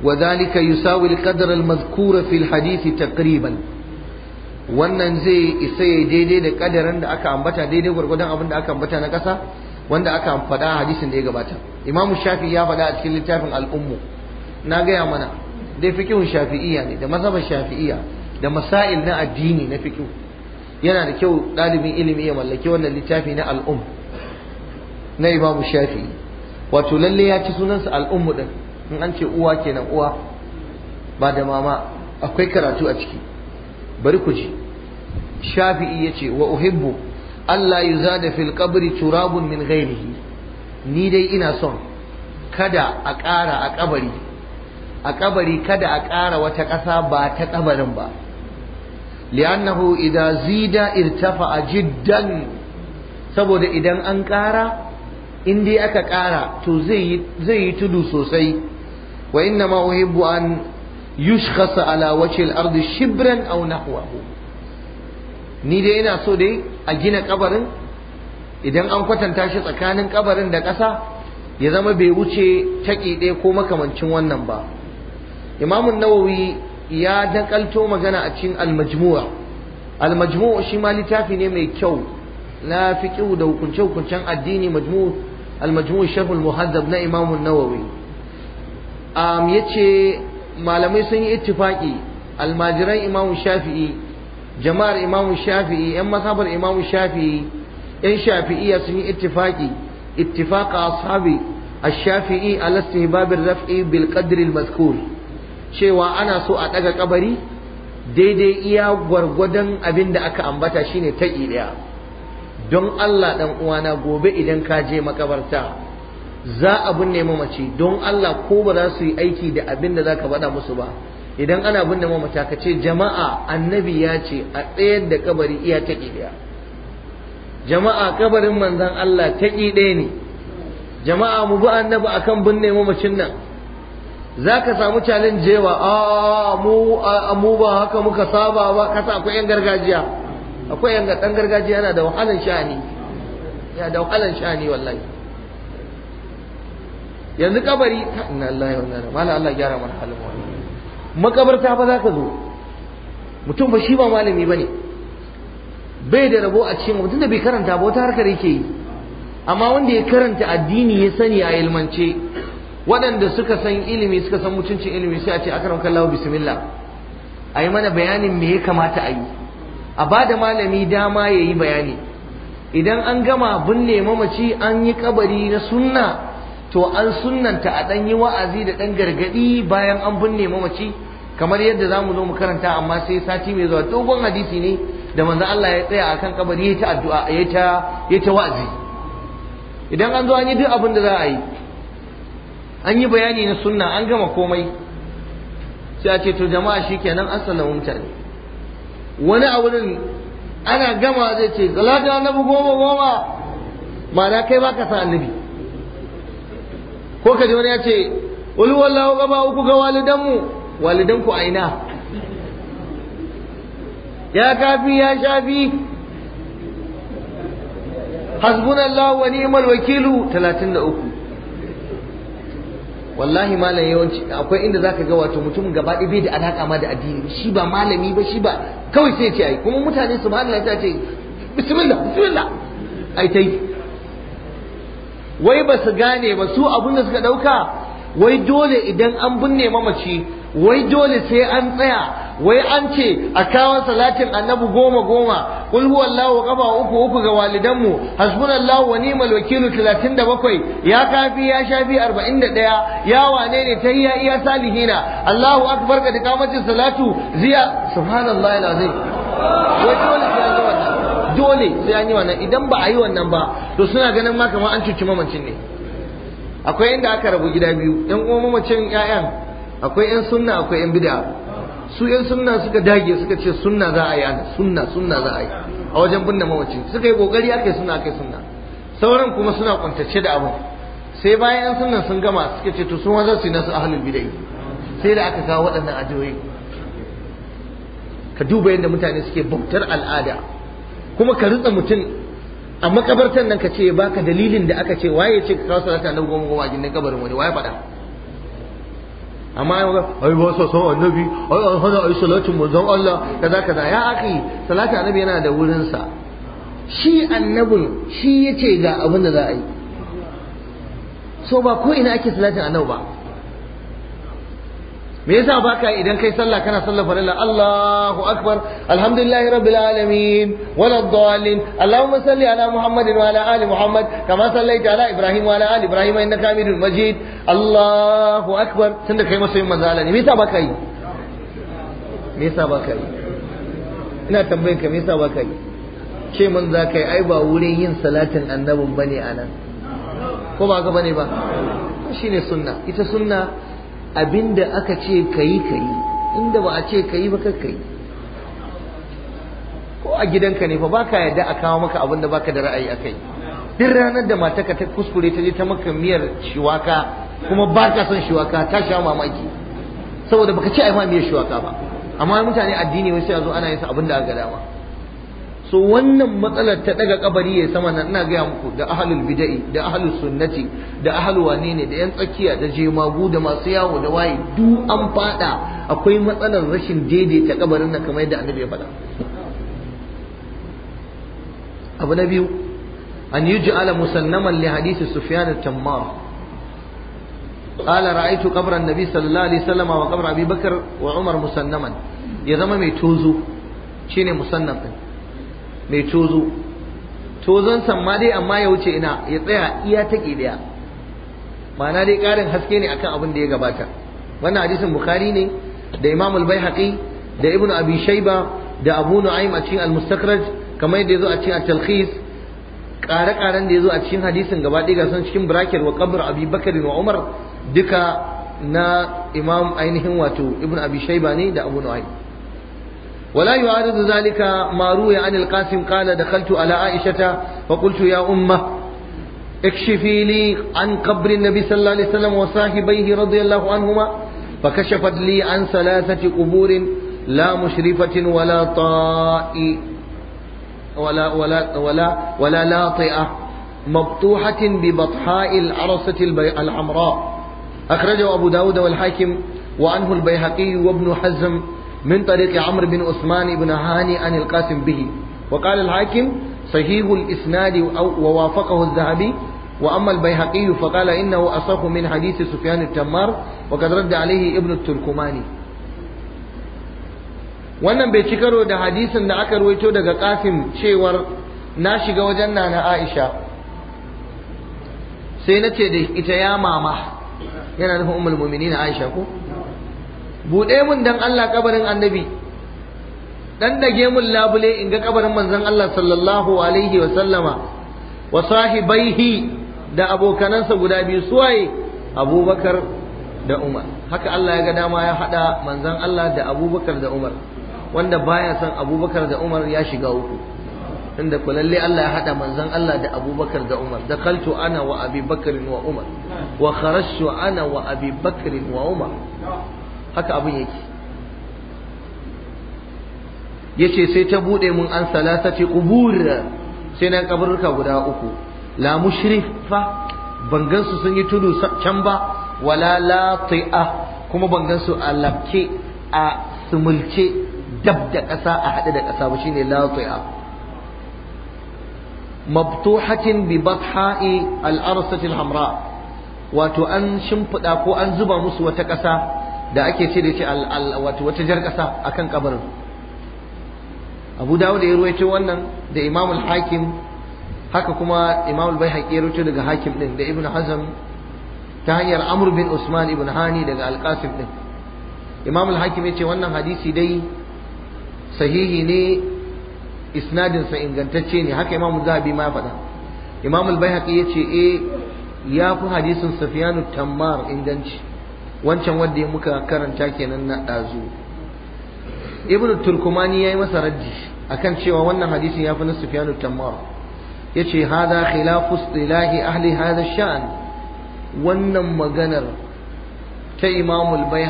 wa zalika yusawi al-qadr al-mazkura fi al-hadith taqriban wannan zai isa daidai da kadarin da aka ambata daidai gwargwadon abin da aka ambata na kasa wanda aka faɗa hadisin da ya gabata imamu shafi ya faɗa a cikin littafin al'ummu na gaya mana dai fikihun shafi'iyya ne da mazhaban shafi'iyya da masail na addini na fikihu yana da kyau ɗalibin ilimi ya mallaki wannan littafi na al'um na imamu Shafi'i. wato lalle ya ci sunansa al'ummu ɗin. in an ce uwa kenan uwa ba da mama akwai karatu a ciki bari ku ji shafi'i ya ce wa uhibbu Allah yuzada fil qabri turabun min ghairihi ni dai ina son kada a ƙara a ƙabari, a ƙabari kada a ƙara wata ƙasa ba ta ƙabarin ba li'annahu idan zida a jiddan saboda idan an ƙara in dai aka ƙara to zai yi tudu sosai wa inna ma an yushkasa ala wajhi al shibran aw nahwahu ni dai ina so dai a gina kabarin idan an kwatanta shi tsakanin kabarin da ƙasa ya zama bai wuce taƙi ɗaya ko makamancin wannan ba imamun nawawi ya dakalto magana a cikin almajmu'a almajmu'a shi ma littafi ne mai kyau na fiqhu da hukunce hukuncen addini majmu' shafin sharh na imamun nawawi yace malamai sun yi ittifaqi almajiran imamu shafi'i jama'ar imamu shafi'i yan masabar imamu shafi'i yan shafi'iyya sun yi ittifaqi ittifaqa ashabi ash-shafi'i ala istihbab ar-raf'i bil qadri cewa ana so a ɗaga ƙabari daidai iya gwargwadon abin da aka ambata shine ta ɗaya don Allah ɗan uwana gobe idan ka je makabarta za a binne mamaci don Allah ko ba za su yi aiki da abin da za ka faɗa musu ba idan ana binne mamata ka ce jama'a annabi ya ce a tsayar da kabari iya ta ɗaya jama'a kabarin manzan Allah ta ɗaya ne jama'a mu bi annabi akan binne mamacin nan za ka samu calin jewa a mu ba haka muka saba ba kasa akwai 'yan gargajiya akwai 'yan dan gargajiya yana da wahalan sha'ani ya da wahalan sha'ani wallahi yanzu kabari na Allah ya wannan mala Allah ya gyara mana halin wannan makabarta ba za ka zo mutum ba shi ba malami ba ne bai da rabo a cikin mutum da bai karanta ba wata harkar yake yi amma wanda ya karanta addini ya sani a ilmance waɗanda suka san ilimi suka san mutuncin ilimi sai a ce akaram lawa bismillah a yi mana bayanin me ya kamata a yi a ba da malami dama ya yi bayani idan an gama binne mamaci an yi kabari na sunna to an sunnanta a ɗan yi wa'azi da ɗan gargaɗi bayan an binne mamaci kamar yadda za mu zo mu karanta amma sai sati mai zuwa dogon hadisi ne da manzo Allah ya tsaya akan kabari ya ta addu'a ya ta ya ta wa'azi idan an zo an yi duk abin da za a yi an yi bayani na sunna an gama komai sai a ce to jama'a shikenan assalamu mutane wani a wurin ana gama zai ce galata annabi goma goma ma'ana kai baka sa annabi ko ka ji wani ya ce ulu wallahu gaba uku ga walidanmu walidanku a ina ya kafi ya shafi hasbunallahu wa ni'mal wakilu 33 wallahi malam yawanci akwai inda zaka ga wato mutum gaba ɗaya bai da alaka ma da addini shi ba malami ba shi ba kawai sai ce ai kuma mutane subhanallahi ta ce bismillah bismillah ai tai wai ba su gane ba su abin da suka dauka wai dole idan an binne mamaci wai dole sai an tsaya wai an ce a kawo salatin annabi goma goma kul huwallahu qaba uku uku ga walidanmu hasbunallahu wa ni'mal wakilu 37 ya kafi ya shafi 41 ya wane ne ya iya salihina Allahu akbar ka da salatu ziya subhanallahi alazim wai dole sai an wannan dole sai an yi wannan idan ba a yi wannan ba to suna ganin ma kamar an cuci mamacin ne akwai inda aka rabu gida biyu yan uwan mamacin 'ya'yan akwai yan sunna akwai yan bid'a su yan sunna suka dage suka ce sunna za a yi sunna sunna za a yi a wajen binne mamaci suka yi kokari akai sunna akai sunna sauran kuma suna kwantace da abin sai bayan yan sunna sun gama suka ce to sun wanzar su yi nasu ahlul bid'a sai da aka kawo waɗannan ajiyoyi ka duba yadda mutane suke bautar al'ada kuma ka ritsa mutum a makabartar nan ka ce baka dalilin da aka ce waye ce ka kawo salata na goma goma a gindin kabarin wani waye faɗa amma ai ga ai ba so so annabi ai an hana ai salatin manzon Allah kaza kaza ya akhi salatin annabi yana da wurin sa shi annabin shi yace ga abin da za a yi so ba ko ina ake salatin annabi ba me yasa baka idan kai sallah kana sallah farilla Allahu akbar alhamdulillahi rabbil alamin wala dhalin Allahumma salli ala Muhammadin wa ala ali Muhammad kama sallaita ala Ibrahim wa ala ali Ibrahim innaka Hamidul Majid Allahu akbar tunda kai masoyin manzo Allah ne me yasa baka yi me yasa baka yi ina tambayin ka me yasa baka yi ce mun za ka yi ai ba wurin yin salatin annabin bane anan ko ba ga bane ba shine sunna ita sunna abinda aka ce kayi kayi inda ba a ce kayi ba ka kayi ko a gidanka ne fa baka yadda a kawo maka abinda baka da ra'ayi a kai? duk ranar da mataka ta kuskure ta je ta maka miyar shiwaka kuma baka son shiwaka ta sha mamaki saboda baka ce ai ma miyar shiwaka ba amma mutane addini wai sai zo ana yin sa abinda aka ga dama so wannan matsalar ta daga kabari ya sama nan ina gaya muku da ahalul-bida'i, da ahalul sunnati da ahlul wane ne da yan tsakiya da jemagu da masu yawo da waye duk an fada akwai matsalar rashin daidaita kabarin nan kamar yadda annabi ya faɗa abu na biyu an yuj'ala musannaman li hadisi sufyan at-tammar قال رأيت قبر النبي صلى الله عليه وسلم وقبر أبي بكر وعمر مسنما يا زلمة ميتوزو شيني مسنم mai tozo tozon samma dai amma ya wuce ina ya tsaya iya ta daya ma'ana dai ƙarin haske ne akan abin da ya gabata wannan hadisin bukhari ne da imam al-baihaqi da ibnu abi shayba da abu nu'aym a cikin al mustakhraj kamar yadda yazo a cikin at-talkhis ƙare-ƙaren da yazo a cikin hadisin gaba ɗaya ga sun cikin bracket wa qabr abi bakr wa umar duka na imam ainihin wato ibnu abi shayba ne da abu nu'aym ولا يعارض ذلك ما روي عن القاسم قال دخلت على عائشة فقلت يا أمه اكشفي لي عن قبر النبي صلى الله عليه وسلم وصاحبيه رضي الله عنهما فكشفت لي عن ثلاثة قبور لا مشرفة ولا طائ ولا ولا ولا ولا لاطئة مبطوحة ببطحاء العرصة الحمراء أخرجه أبو داود والحاكم وعنه البيهقي وابن حزم من طريق عمرو بن عثمان بن هاني عن القاسم به وقال الحاكم صحيح الإسناد ووافقه الذهبي وأما البيهقي فقال إنه أصح من حديث سفيان التمار وقد رد عليه ابن التركماني wannan bai ci karo da hadisin da aka ruwaito daga kasim cewar na shiga wajen nana aisha sai na ce da ita ya mama yana nufin umul mu'minin aisha ko buɗe mun dan Allah kabarin annabi dan dage mun labule in ga kabarin manzon Allah sallallahu alaihi wa sallama wa sahibaihi da abokanansa guda biyu suwaye abubakar da umar haka Allah ya ga dama ya hada manzon Allah da abubakar da umar wanda baya son abubakar da umar ya shiga uku inda ku Allah ya hada manzon Allah da abubakar da umar da ana wa abubakar wa umar wa kharashtu ana wa abubakar wa umar haka abin yake yace sai ta bude mun an salasati qubur sai na kaburka guda uku la mushrifa ban sun yi tudu can ba wala lati'a kuma ban gansu a labke a sumulce dab da ƙasa a haɗe da ƙasa ba shine lati'a mabtuhatin bi batha'i al hamra wato an shimfiɗa ko an zuba musu wata ƙasa da ake ce da ce wato wata jar kasa akan kabarin Abu Dawud ya ruwaito wannan da Imam al-Hakim haka kuma Imam al-Baihaqi ya ruwaito daga Hakim din da Ibn Hazm ta hanyar Amr bin Usman ibn Hani daga Al-Qasim din Imam al-Hakim ya ce wannan hadisi dai sahihi ne isnadinsa ingantacce ne haka Imam Zahabi ma ya faɗa Imam al-Baihaqi ya ce eh ya fi hadisin Sufyan tammar inganci wancan wanda ya muka karanta kenan na ɗazu ibn turkumani ya yi masa raddi akan cewa wannan hadisin ya fi na sufyanu tammar ya ce hada khilafu istilahi ahli hada sha'an wannan maganar ta imamul bai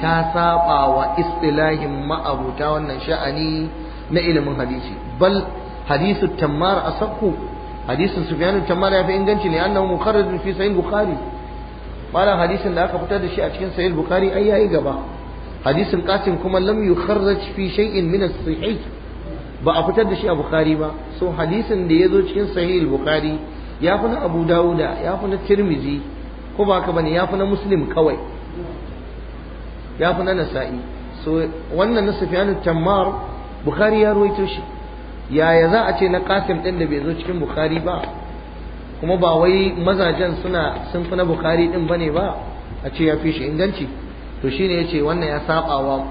ta saba wa istilahin ma'abuta wannan sha'ani na ilimin hadisi bal hadisu tammar asakku hadisin sufyanu tammar ya fi inganci ne annahu mukharrajun fi sahih bukhari malam hadisin da aka fitar da shi a cikin sahih bukhari ai yayi gaba hadisin qasim kuma lam yukharraj fi shay'in min as-sahih ba a fitar da shi a bukhari ba so hadisin da ya zo cikin sahih bukhari ya fi na abu dawuda ya fi na tirmizi ko ba ka bane ya fi na muslim kawai ya fi na nasa'i so wannan na sufyan tammar bukhari ya ruwaito shi yaya za a ce na qasim din da bai zo cikin bukhari ba kuma ba wai mazajen suna sun fi na bukari din bane ba a ce ya fi shi inganci to shine yace wannan ya wa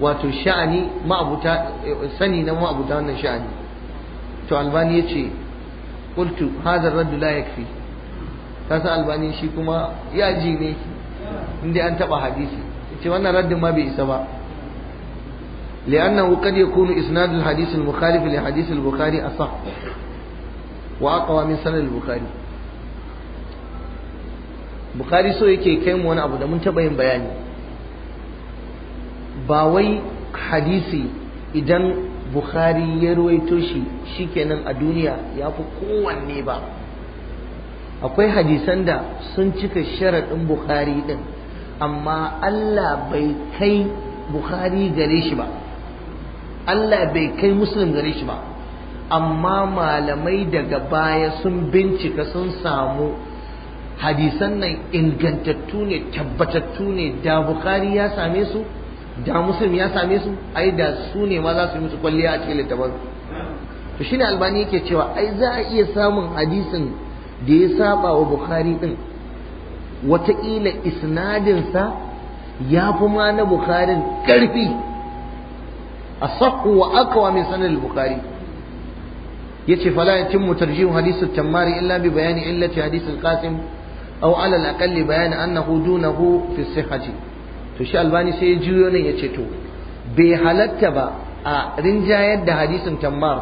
wato sha'ani ma'abuta sani na ma'abuta wannan sha'ani to albani yace qultu hadha ar-radd la yakfi kasa albani shi kuma ya ji ne inda an taba hadisi yace wannan raddin ma bai isa ba لأنه قد يكون إسناد الحديث المخالف لحديث البخاري أصح واقوى من min البخاري bukhari bukhari so yake kai mu wani abu da mun taba yin bayani ba wai hadisi idan bukhari ya ruwaito shi shikenan a duniya ya fi kowanne ba akwai hadisan da sun cika sharaɗin bukhari ɗin amma allah bai kai bukhari gare shi ba allah bai kai muslim gare shi ba amma malamai daga baya sun bincika sun samu hadisan nan ingantattu ne tabbatattu ne da bukari ya same su da muslim ya same su ai da su ne ma za su yi musu kwalliya a cikin littafin to shine albani yake cewa ai za a iya samun hadisin da ya saba wa bukari din wataƙila isnadinsa ya fi ma na bukarin ƙarfi a sakku wa akawa min sanar bukari yace fala yatimmu tarjihu hadith at-tammari illa bi bayani illati hadith al-qasim aw ala al-aqall annahu dunahu fi to shi albani sai ya juyo nan to bai ba a rinjayar da tammar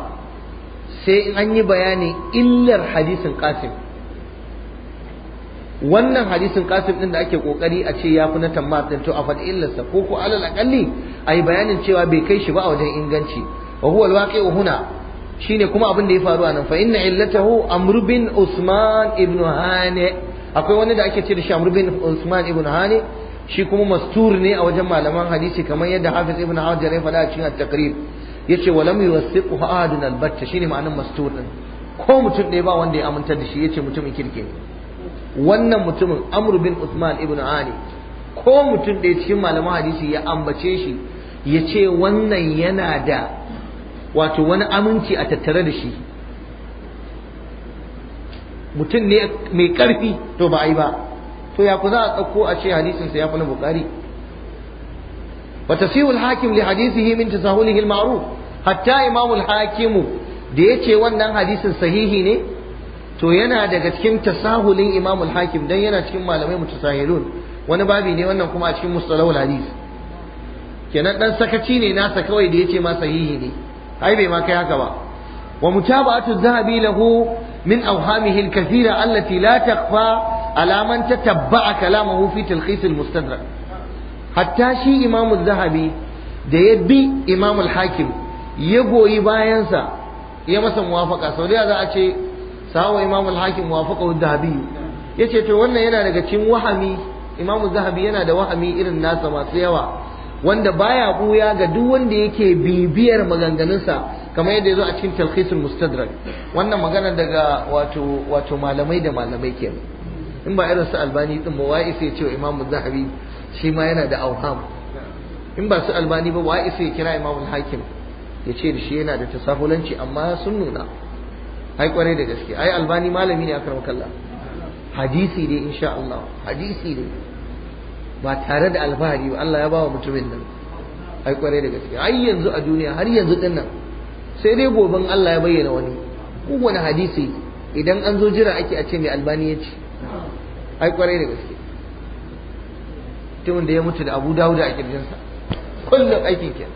sai an yi bayani illar hadisin qasim wannan hadisin qasim din da ake kokari a ce ya fi na tammar din to a faɗi illarsa ko ko alal akalli a yi bayanin cewa bai kai shi ba a wajen inganci wa huwa alwaqi'u huna shine kuma abin da ya faru a nan fa inna illatahu amr bin usman ibn hane akwai wani da ake ce da shi amr bin usman ibn hane shi kuma mastur ne a wajen malaman hadisi kamar yadda hafiz ibn hajar ya faɗa a cikin at-taqrib yace walam yuwathiqu ahadun al-batta shine ma'anar mastur din ko mutum ɗaya ba wanda ya amintar da shi yace mutumin kirke wannan mutumin amr bin usman ibn hane ko mutum ɗaya cikin malaman hadisi ya ambace shi yace wannan yana da wato wani aminci a tattare da shi mutum ne mai karfi to ba a yi ba to ya ku za a ɗauko a ce hadisinsa ya fi na bukari wa tasihul hakim li hadisi min tasahulihi maruf hatta imamul hakimu da ya ce wannan hadisin sahihi ne to yana daga cikin tasahulin imamul hakim dan yana cikin malamai mutasahilun wani babi ne wannan kuma a cikin mustalahul hadis kenan dan sakaci ne nasa kawai da ya ce ma sahihi ne ai bai ma kai haka ba wa mutaba'atu dhahabi lahu min awhamihi al-kathira allati la takhfa ala man tatabba'a kalamahu fi talkhis al hatta shi imamu dhahabi da ya bi imamu al ya goyi bayansa ya masa muwafaka sau da za a ce sawa imamu al-hakim dhahabi yace to wannan yana daga cikin wahami imamu zahabi yana da wahami irin nasa masu yawa wanda baya buya ga duk wanda yake bibiyar maganganunsa kamar yadda yazo a cikin talkhisul mustadrak wannan magana daga wato wato malamai da malamai ke in ba irin su albani din ba wai sai ce imam zahabi shi ma yana da auham in ba su albani ba wai sai kira imam hakim ya ce da shi yana da tasahulanci amma sun nuna ai kware da gaske ai albani malami ne akramakallah kalla hadisi dai insha Allah hadisi dai ba tare da alfahari ba Allah ya ba wa mutumin nan ai kwarai da gaske ai yanzu a duniya har yanzu din nan sai dai goben Allah ya bayyana wani wani hadisi idan an zo jira ake a ce mai albani ya ce ai kwarai da gaske mutumin da ya mutu da Abu Dawud a kirjinsa kullum aikin ke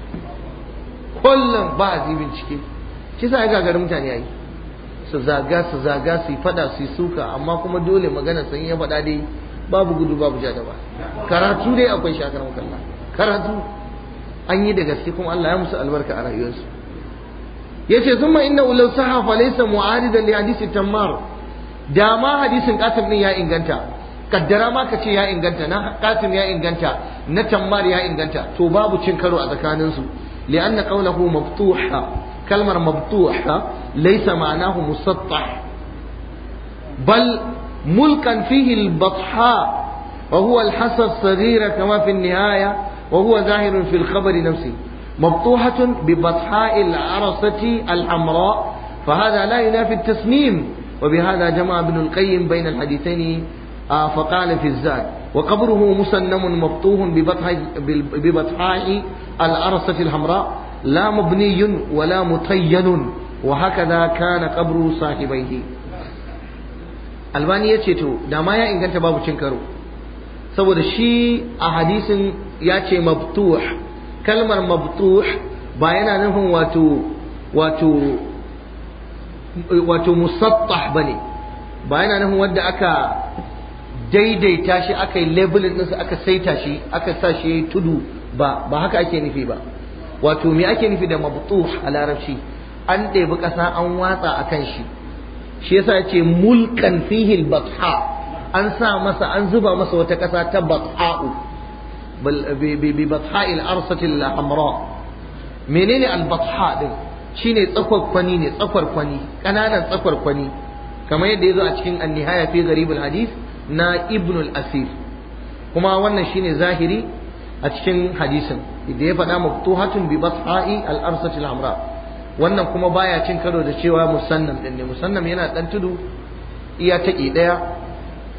kullum ba a bincike Ki sa ya gagarin mutane yayi su zaga su zaga su yi fada su yi suka amma kuma dole magana sun ya faɗa dai babu gudu babu jada ba karatu dai akwai shakar makalla karatu an yi da gaske kuma Allah ya musu albarka a rayuwarsu yace thumma inna law sahafa laysa mu'aridan li hadisi tammar da ma hadisin qatim din ya inganta kaddara ma kace ya inganta na qatim ya inganta na tammar ya inganta to babu cin karo a tsakaninsu li'anna qawluhu maftuha kalmar maftuha laysa ma'anahu musattah bal mulkan fihi al وهو الحصى الصغيرة كما في النهاية وهو ظاهر في الخبر نفسه مبطوحة ببطحاء العرصة الحمراء فهذا لا ينافي التصميم وبهذا جمع ابن القيم بين الحديثين فقال في الزاد وقبره مسنم مبطوح ببطحاء الأرصة الحمراء لا مبني ولا متين وهكذا كان قبر صاحبيه albani ya ce to da ma ya inganta babu cin karo saboda shi a hadisin ya ce mabtuh kalmar mabtuh ba yana nufin wato wato wato musattah bane ba yana nufin wanda aka daidaita shi aka yi labelin ɗinsa aka saita shi aka sa shi ya yi tudu ba ba haka ake nufi ba wato me ake nufi da mabtuh a larabci an ɗebi ƙasa an watsa a kan shi shi yasa ce mulkan fihil batha an sa masa an zuba masa wata ƙasa ta batha'u bi batha'il arsatil hamra menene al batha din shine kwani ne tsakwarkwani ƙananan kwani. kamar yadda ya zo a cikin an-nihaya fi gharibul hadith na ibn al-asir kuma wannan shine zahiri a cikin hadisin da ya faɗa maftuhatun bi basha'i al-arsatil hamra wannan kuma baya cin karo da cewa musannam din ne musannam yana dan tudu iya take daya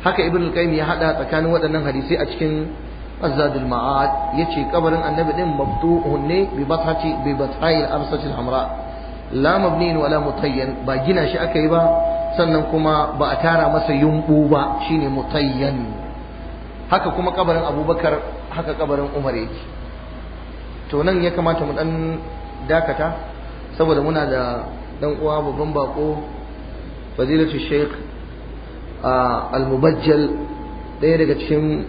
haka ibn al-qayyim ya hada tsakanin waɗannan hadisai a cikin azadul ma'ad yace kabarin annabi din maftuhun ne bi bathati bi bathai al al-hamra la mabniin wala mutayyan ba gina shi aka yi ba sannan kuma ba a tara masa yumbu ba shine mutayyan haka kuma kabarin abubakar haka kabarin umar yake to nan ya kamata mu dan dakata saboda muna da dan uwa babban bako fadilatu sheikh al-mubajjal ɗaya daga cikin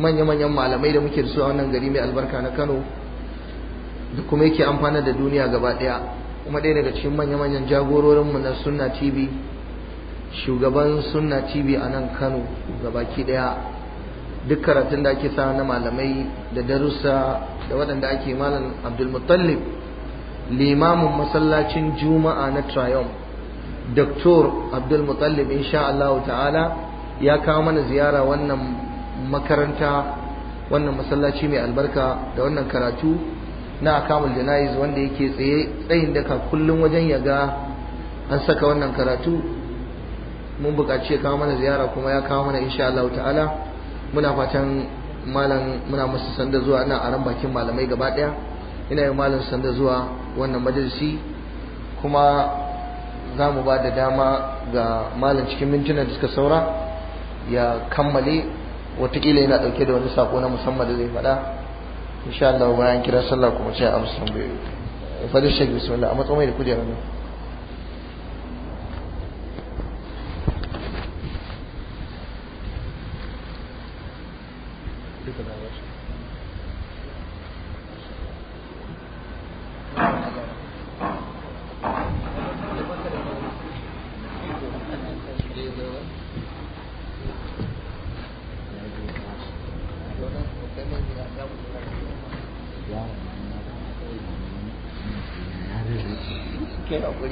manya-manyan malamai da muke da su a wannan gari mai albarka na Kano da kuma yake amfana da duniya gaba ɗaya kuma ɗaya daga cikin manya-manyan jagororinmu na sunna TV shugaban sunna TV a nan Kano gabaki ɗaya duk karatun da ake sa na malamai da darussa da waɗanda ake malam Abdul Muttalib limamin masallacin Juma'a na Triumph Dr. Abdul Muttalib insha Allah ta'ala ya kawo mana ziyara wannan makaranta wannan masallaci mai albarka da wannan karatu na akamul janayiz wanda yake tsaye tsayin daka kullum wajen ya ga an saka wannan karatu mun buƙaci ya kawo mana ziyara kuma ya kawo mana insha Allah ta'ala muna fatan malam muna musu sanda zuwa a aran bakin malamai gaba daya ina yi malam sanda zuwa wannan majalisi kuma za mu ba da dama ga malam cikin mintuna da suka saura ya kammale watakila yana ɗauke da wani sako na musamman da zai faɗa insha Allah bayan kira sallah kuma sai a amsa tambayoyi da shek bismillah a matsayin da kujerar nan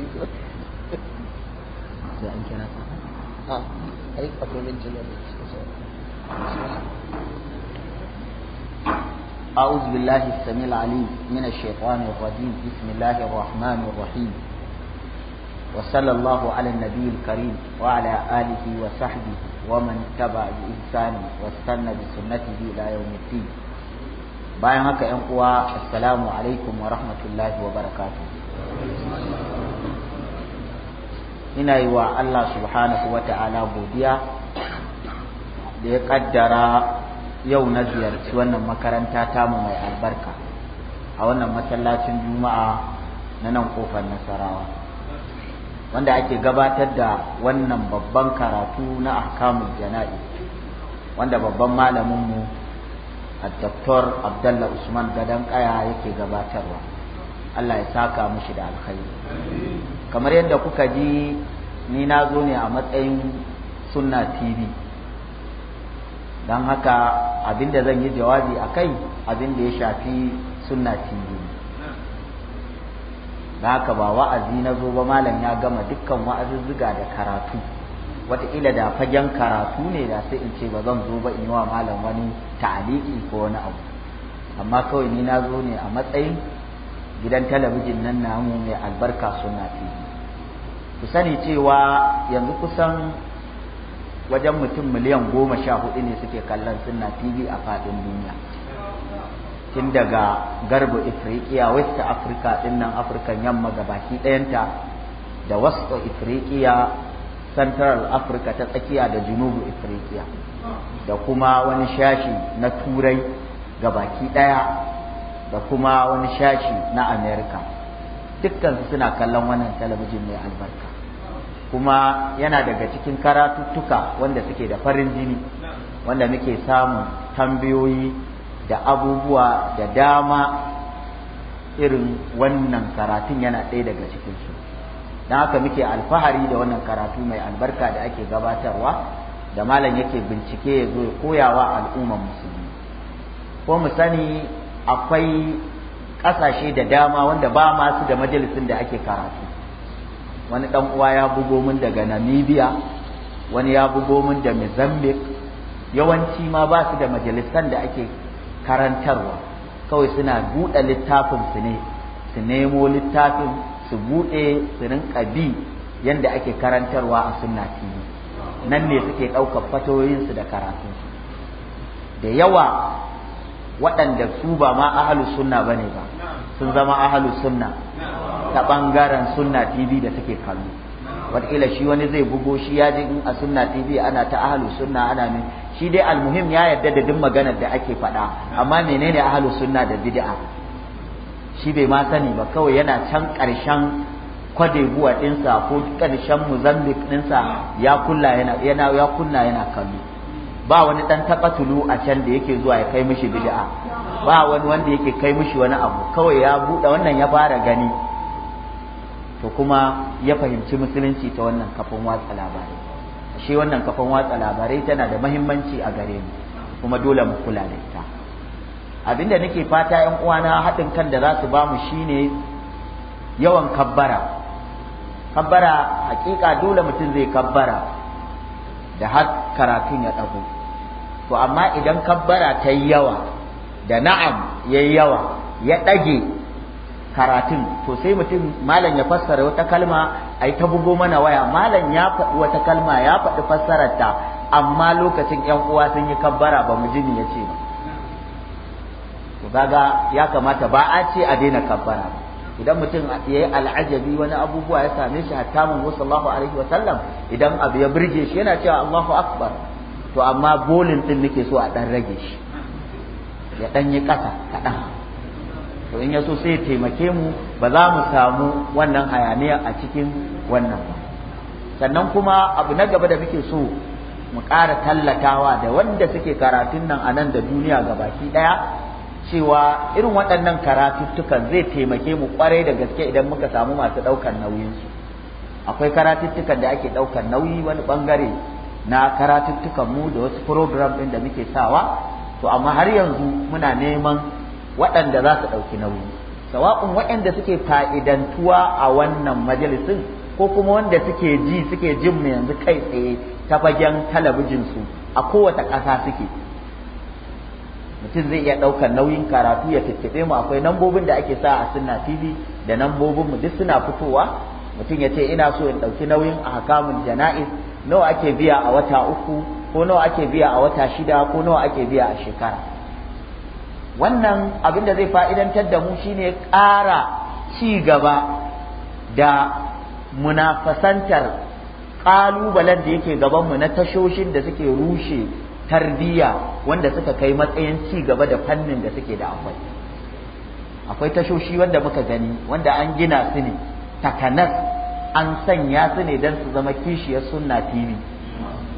إن آه من أعوذ بالله السميع العليم من الشيطان الرجيم بسم الله الرحمن الرحيم وصلى الله على النبي الكريم وعلى آله وصحبه ومن تبع الإنسان واستنى بسنته إلى يوم الدين bayan haka السلام عليكم ورحمة الله وبركاته ina yi wa Allah subhanahu wa ta'ala godiya da ya ƙaddara yau na ziyarci wannan makaranta tamu mai albarka a wannan masallacin juma'a na nan kofar nasarawa wanda ake gabatar da wannan babban karatu na ahkamul jana'i wanda babban malaminmu dr abdallah usman gadon ƙaya yake gabatarwa allah ya saka mushi da alkhairi kamar yadda kuka ji ni na zo ne a matsayin sunna tv don haka abinda zan yi jawabi a kai abinda ya shafi sunna tv da haka ba wa'azi na zo ba malam ya gama dukkan wa'azuzzuga da karatu wataƙila da fagen karatu ne da sai in ce ba zan zo ba in yi wa malam wani ta'aliki ko wani abu amma kawai ni na zo ne a matsayin gidan talabijin nan namu mai albarka suna tv ku sani cewa yanzu kusan wajen mutum miliyan goma sha hudu ne suke kallon sunna tv a faɗin duniya tun daga garba Ifirikiya west africa din nan afirkan yamma baki ɗayanta da west Ifirikiya central africa ta tsakiya da junubu ifirikiya, da kuma wani shashi na turai ga baki ɗaya da kuma wani shashi na america dukkan suna kallon wannan talabijin mai albarka kuma yana daga cikin karatuttuka wanda suke da farin jini wanda muke samun tambayoyi da abubuwa da dama irin wannan karatun yana ɗaya daga cikinsu don haka muke alfahari da wannan karatu mai albarka da ake gabatarwa da malam yake bincike ya zo ya koyawa al'ummar musulmi ko mu sani akwai ƙasashe da dama wanda ba masu da majalisin da ake karatu wani dan uwa ya bugo min daga Namibia wani ya bugo min da Mozambique yawanci ma ba su da majalisan da ake karantarwa kawai suna buɗe littafin su ne su nemo littafin su buɗe su rinka bi yanda ake karantarwa a sunna TV nan ne suke ɗaukar fatoyinsu da karatu da yawa waɗanda su ba ma ahalus sunna bane ba sun zama ahalus sunna ta bangaren sunna tv da suke kallo wataƙila shi wani zai bugo shi ya ji in a sunna tv ana ta ahalu sunna ana ne shi dai almuhim ya yarda da duk maganar da ake faɗa amma menene ahalu sunna da bid'a shi bai ma sani ba kawai yana can ƙarshen kwadebuwa ɗinsa ko ƙarshen muzambik ɗinsa ya kulla yana ya kunna yana kallo ba wani ɗan taɓa a can da yake zuwa ya kai mishi bid'a ba wani wanda yake kai mishi wani abu kawai ya buɗe wannan ya fara gani to kuma ya fahimci musulunci ta wannan kafin watsa labarai shi wannan kafin watsa labarai tana da mahimmanci a gare mu kuma dole mu kula da ita abinda nake fata yan uwana haɗin kan da za su ba mu shine yawan kabbara kabbara hakika dole mutum zai kabbara da har karatun ya ɗago to amma idan kabbara ta yawa da na'am ya yawa ya ɗage karatun to sai mutum malam ya fassara wata kalma ai ta bugo mana waya malam ya faɗi wata kalma ya faɗi fassararta amma lokacin yan uwa sun yi kabbara ba mu jini ya ce ba to ya kamata ba a ce a daina kabbara idan mutum ya yi al'ajabi wani abubuwa ya same shi hatta mun sallallahu alaihi wa sallam idan abu ya burge shi yana cewa Allahu akbar to amma bolin din nake so a dan rage shi ya dan yi kasa kaɗan to in ya so sai taimake mu ba za mu samu wannan hayaniya a cikin wannan ba sannan kuma abu na gaba da muke so mu ƙara tallatawa da wanda suke karatun nan a nan da duniya gabaki ɗaya cewa irin waɗannan karatuttukan zai taimake mu kwarai da gaske idan muka samu masu ɗaukar nauyinsu akwai karatuttukan da ake ɗaukar nauyi wani ɓangare na karatuttukan mu da wasu program ɗin da muke sawa to amma har yanzu muna neman waɗanda za su ɗauki nauyi sawa'un waɗanda suke fa'idantuwa a wannan majalisin ko kuma wanda suke ji suke jin mu yanzu kai tsaye ta fagen talabijin su a kowace ƙasa suke mutum zai iya ɗaukar nauyin karatu ya tattafe mu akwai nambobin da ake sa a sunna tv da nambobin mu duk suna fitowa mutum ya ce ina so in ɗauki nauyin a hakamun jana'iz nawa ake biya a wata uku ko nawa ake biya a wata shida ko nawa ake biya a shekara wannan abin da zai fa'idantar da mu shine ƙara ci gaba da munafasantar ƙalubalen da yake gabanmu na tashoshin da suke rushe tarbiyya wanda suka kai matsayin ci gaba da fannin da suke da akwai akwai tashoshi wanda muka gani wanda an gina su ne takanas an sanya su ne don su zama kishiyar sunna fili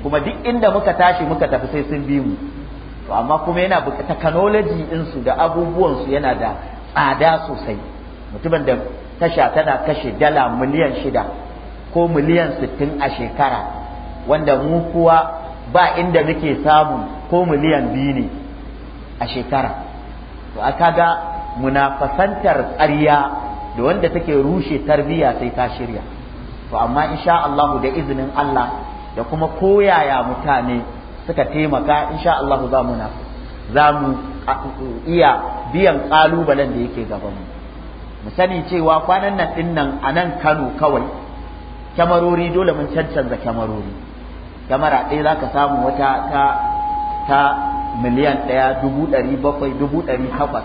kuma duk inda muka tashi muka tafi sai sun bi mu to amma kuma yana buƙatar technology din su da abubuwan su yana da tsada sosai mutumin da tasha tana kashe dala miliyan shida ko miliyan sittin a shekara wanda mu kuwa ba inda muke samu ko miliyan biyu ne a shekara to a kaga munafasantar ƙarya da wanda take rushe tarbiyya sai ta shirya to amma insha Allah da izinin Allah da kuma koyaya mutane suka taimaka sha Allah za mu na za mu iya biyan ƙalubalen da yake gaban mu mu sani cewa kwanan nan din nan a nan Kano kawai kyamarori dole mun cancanza kyamarori kyamara ɗaya za ka samu wata ta ta miliyan ɗaya dubu ɗari bakwai dubu ɗari takwas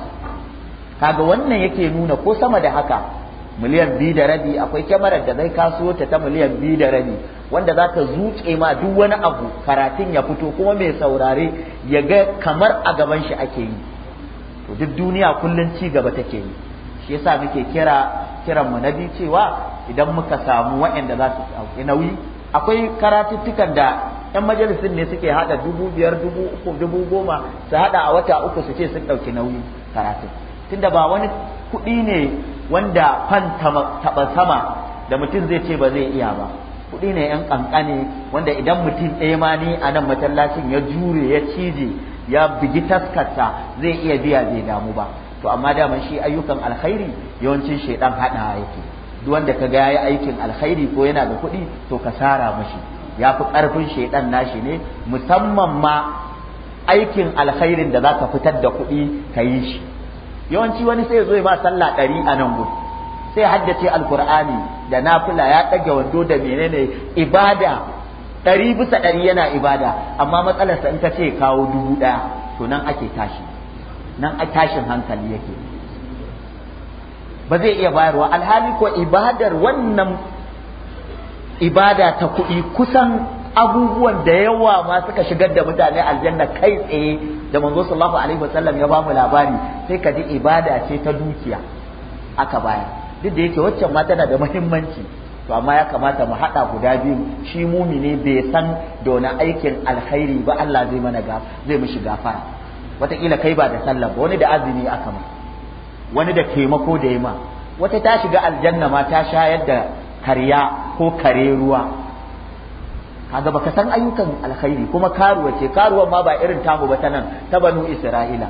kaga wannan yake nuna ko sama da haka miliyan biyu da rabi akwai kyamarar da zai kaso ta ta miliyan biyu da rabi wanda za ta zutse ma duk wani abu karatun ya fito kuma mai saurare ya ga kamar a gaban shi ake yi to duk duniya kullum ci gaba take yi shi yasa muke kira kiran mu na cewa idan muka samu waɗanda za su ɗauki nauyi akwai karatuttukan da yan majalisin ne suke hada dubu biyar dubu uku dubu goma su hada a wata uku su ce sun ɗauki nauyi karatun tunda ba wani kuɗi ne wanda fan taba sama da mutum zai ce ba zai iya ba kuɗi ne yan kankane wanda idan mutum ɗaya ma ni a nan matallacin ya jure ya cije ya bigi taskarsa zai iya biya zai damu ba to amma dama shi ayyukan alkhairi yawancin shaidan haɗa yake duk wanda ka ga yayi aikin alkhairi ko yana da kuɗi to ka sara mashi ya fi ƙarfin shaidan nashi ne musamman ma aikin alkhairin da za ka fitar da kuɗi ka yi shi yawanci wani sai ya zo ya ba sallah ɗari a nan gudu sai haddace alkur'ani da nafila ya ɗage wando da menene ibada ɗari bisa ɗari yana ibada amma matsalarsa in ta ce kawo dubu ɗaya to nan ake tashi nan a tashin hankali yake ba zai iya bayarwa alhali ko ibadar wannan ibada ta kuɗi kusan abubuwan da yawa ma suka shigar da mutane aljanna kai tsaye da manzo sallallahu alaihi wasallam ya bamu labari sai ka ji ibada ce ta dukiya aka baya duk da yake waccan ma tana da muhimmanci to amma ya kamata mu hada guda biyu shi mumini bai san da wani aikin alkhairi ba Allah zai mana ga zai mishi gafara wataƙila kai ba da sallah ba wani da azumi aka ma wani da taimako da yima wata ta shiga aljanna ma ta shayar da karya ko kare ruwa kaga baka san ayyukan alkhairi kuma karuwa ce karuwan ma ba irin tamu ba ta nan ta banu isra'ila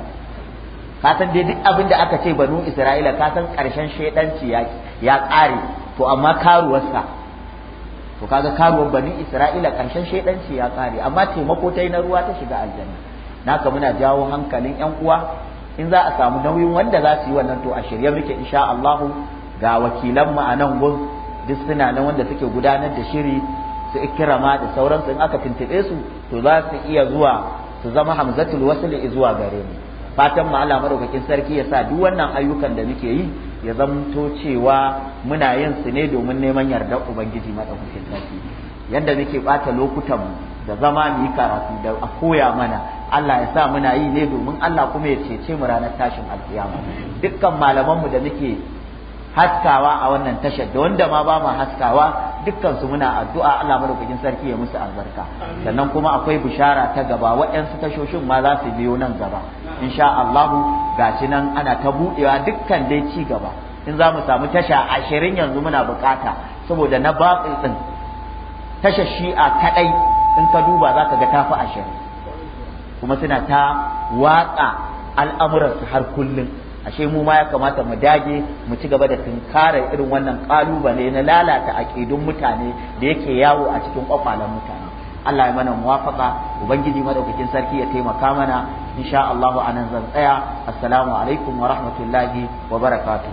ka san dai duk abin da aka ce banu isra'ila ka san karshen shaidanci ya ya kare to amma karuwarsa to kaga karuwar banu isra'ila karshen shaidanci ya kare amma taimako tai na ruwa ta shiga aljanna naka muna jawo hankalin yan uwa in za a samu nauyin wanda za su yi wannan to a shirye muke insha Allah ga wakilan mu a nan gun duk suna nan wanda suke gudanar da shiri su ikirama da sauransu in aka tuntube su to za su iya zuwa su zama hamzatul wasl zuwa gare mu fatan mu Allah sarki ya sa duk wannan ayyukan da muke yi ya zamto cewa muna yin su ne domin neman yardar ubangiji madaukakin sarki yanda muke bata lokutan da zama mu yi karatu da a koya mana Allah ya sa muna yi ne domin Allah kuma ya cece mu ranar tashin alkiyama dukkan malaman mu da muke haskawa a wannan tashar da wanda ma ba mu haskawa dukkan muna addu'a Allah madaukakin sarki ya musu albarka sannan kuma akwai bishara ta gaba waɗansu tashoshin ma za su biyo nan gaba insha Allah gashi nan ana ta buɗewa dukkan dai ci gaba in za mu samu tasha ashirin yanzu muna bukata saboda na baƙi ɗin tashar shi'a kaɗai in ka duba za ka ga tafi ashirin kuma suna ta watsa al'amuransu har kullum ashe mu ma ya kamata mu dage mu ci gaba da tunkarar irin wannan kalubale na lalata aƙidun mutane da yake yawo a cikin kwakwalen mutane Allah ya mana muwafaka ubangiji madaukakin sarki ya taimaka mana insha Allah anan zan tsaya assalamu alaikum wa rahmatullahi wa barakatuh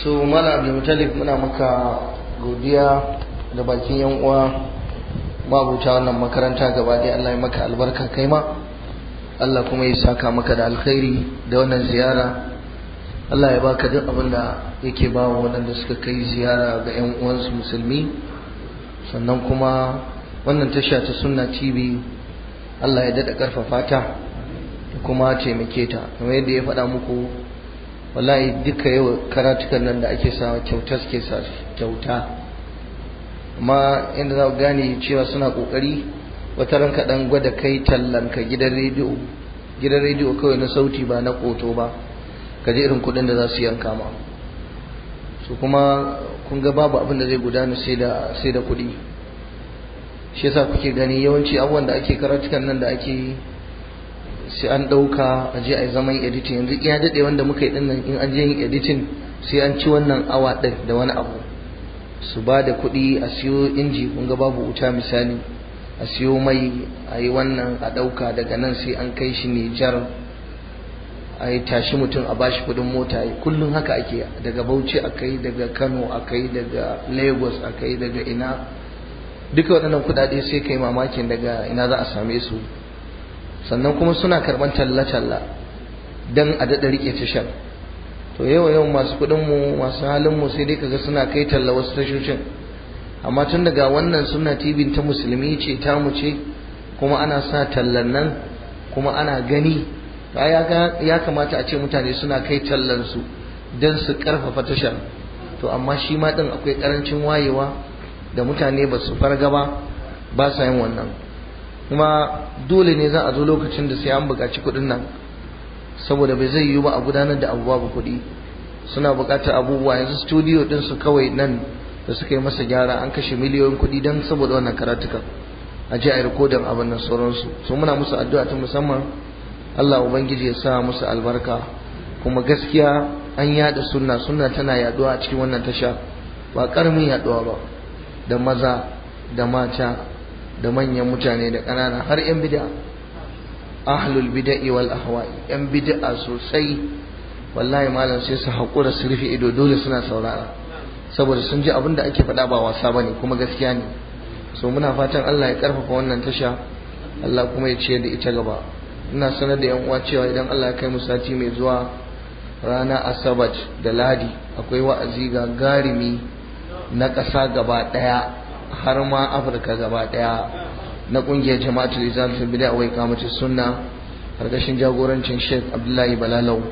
so mana abdul muna maka godiya da bakin yan uwa mabuta wannan makaranta gaba ɗaya Allah ya maka albarka kai ma Allah kuma ya saka maka da alkhairi da wannan ziyara Allah ya baka duk abin da yake ba wa waɗanda suka kai ziyara ga ƴan uwansu musulmi sannan kuma wannan tasha ta sunna TV Allah ya daɗa ƙarfafa ta da kuma taimake ta kamar yadda ya faɗa muku wallahi duka yau karatukan nan da ake sawa kyauta suke sa kyauta amma inda za ku gane cewa suna kokari wata ran kaɗan gwada kai ka gidan rediyo gidan rediyo kawai na sauti ba na koto ba ka ji irin kuɗin da za su yanka ma su kuma kun ga babu abin da zai gudana sai da sai kuɗi shi yasa kuke gani yawanci abubuwan da ake karatukan nan da ake sai an ɗauka a je a zaman editin yanzu iya daɗe wanda muka yi ɗin in an je yin editin sai an ci wannan awa ɗin da wani abu su ba da kuɗi a siyo inji kun ga babu wuta misali a siyo mai a yi wannan a ɗauka daga nan sai an kai shi Nijar a yi tashi mutum a bashi kuɗin mota kullum haka ake daga Bauchi a kai daga Kano a kai daga Lagos a kai daga ina duka waɗannan kuɗaɗe sai kai mamakin daga ina za a same su sannan kuma suna karɓar talla-talla don a daɗa riƙe tashar to yau yau masu mu masu halinmu sai dai kaga suna kai talla wasu tashoshin amma tun daga wannan suna tibin ta musulmi ce ta mu ce kuma ana sa tallan nan kuma ana gani ya kamata a ce mutane suna kai tallansu don su karfafa tashar to amma shi ma din akwai karancin wayewa da mutane ba su farga ba ba sa yin wannan kuma dole ne za a zo lokacin da sai an buƙaci kuɗin nan saboda bai zai yiwu ba a gudanar da abu babu kuɗi suna buƙatar abubuwa yanzu studio din su kawai nan da suka yi masa gyara an kashe miliyoyin kuɗi don saboda wannan karatuka a je a yi rikodin abin nan sauransu Su muna musu addu'a ta musamman Allah ubangiji ya sa musu albarka kuma gaskiya an yada sunna sunna tana yaduwa a cikin wannan tasha ba karamin yaduwa ba da maza da mata da manyan mutane da ƙanana har 'yan bid'a ahlul bida'i wal ahwa'i yan bid'a sosai wallahi malam sai su haƙura su rufe ido dole suna saurara saboda sun ji abin da ake faɗa ba wasa ba ne kuma gaskiya ne so muna fatan Allah ya karfafa wannan tasha Allah kuma ya ciyar da ita gaba ina sanar da yan uwa cewa idan Allah ya kai mu sati mai zuwa rana asabat da ladi akwai wa'azi ga garimi na ƙasa gaba ɗaya har ma Afirka gaba ɗaya na kungiyar jama'atul izalatul bid'a wa iqamatus sunna karkashin jagorancin Sheikh Abdullahi Balalau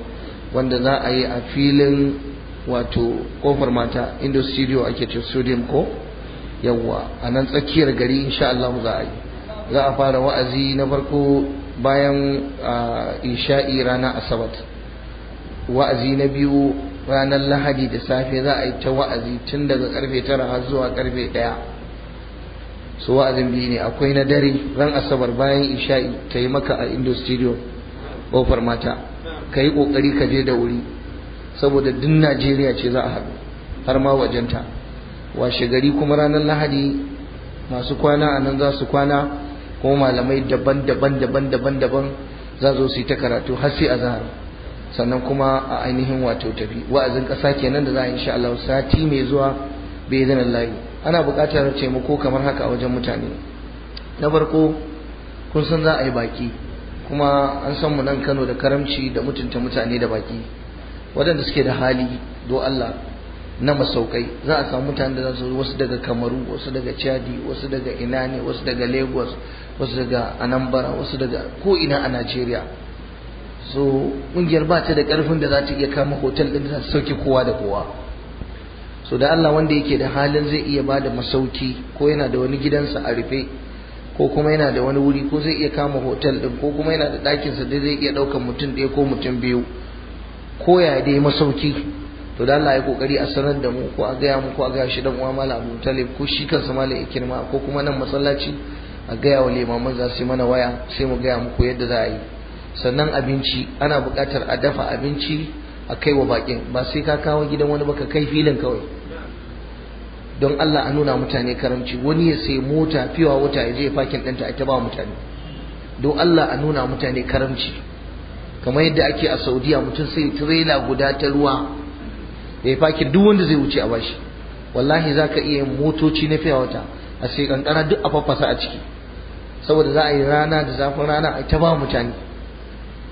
wanda za a yi a filin wato kofar mata indo studio ake ce sodium ko yawwa a nan tsakiyar gari insha Allah za a yi za a fara wa'azi na farko bayan isha'i rana asabat wa'azi na biyu ranar lahadi da safe za a yi ta wa'azi tun daga karfe tara har zuwa karfe ɗaya su wa'azin biyu ne akwai na dare ran asabar bayan isha'i ta yi maka a indo studio ƙofar mata ka yi ƙoƙari ka je da wuri saboda duk najeriya ce za a haɗu har ma wajenta washe gari kuma ranar lahadi masu kwana a nan za su kwana kuma malamai daban-daban daban-daban daban za zo su yi ta karatu har sai a zahar sannan kuma a ainihin wato tafi wa'azin ƙasa kenan da za a insha Allah sati mai zuwa bai zanen layi ana buƙatar taimako kamar haka a wajen mutane na farko kun san za a yi baki kuma an san mu nan Kano da karamci da mutunta mutane da baki waɗanda suke da hali do Allah na masaukai za a samu mutane da su wasu daga Kamaru wasu daga Chadi wasu daga ina wasu daga Lagos wasu daga Anambra wasu daga ko ina a Najeriya so ƙungiyar ba ta da ƙarfin da za ta iya kama hotel ɗin da za ta sauke kowa da kowa so da Allah wanda yake da halin zai iya da masauki ko yana da wani gidansa a rufe ko kuma yana da wani wuri ko zai iya kama hotel din ko kuma yana da ɗakinsa da zai iya ɗaukar mutum ɗaya ko mutum biyu ko ya dai masauki to da Allah ya kokari a sanar da mu ko a gaya mu ko a gaya shi dan uwa malam Abu Talib ko shi kansa malam Ikirma ko kuma nan masallaci a gaya wa limaman za su mana waya sai mu gaya muku yadda za a yi sannan abinci ana buƙatar a dafa abinci a kai wa bakin ba sai ka kawo gidan wani baka kai filin kawai don Allah a nuna mutane karamci wani ya sai mota fiwa wata ya je fakin ɗanta a taba mutane don Allah a nuna mutane karamci kamar yadda ake a Saudiya mutum sai tirela guda ta ruwa ya fakin duk wanda zai wuce a bashi wallahi za ka iya motoci na fiwa wata a sai kankana duk a faffasa a ciki saboda za a yi rana da zafin rana a taba mutane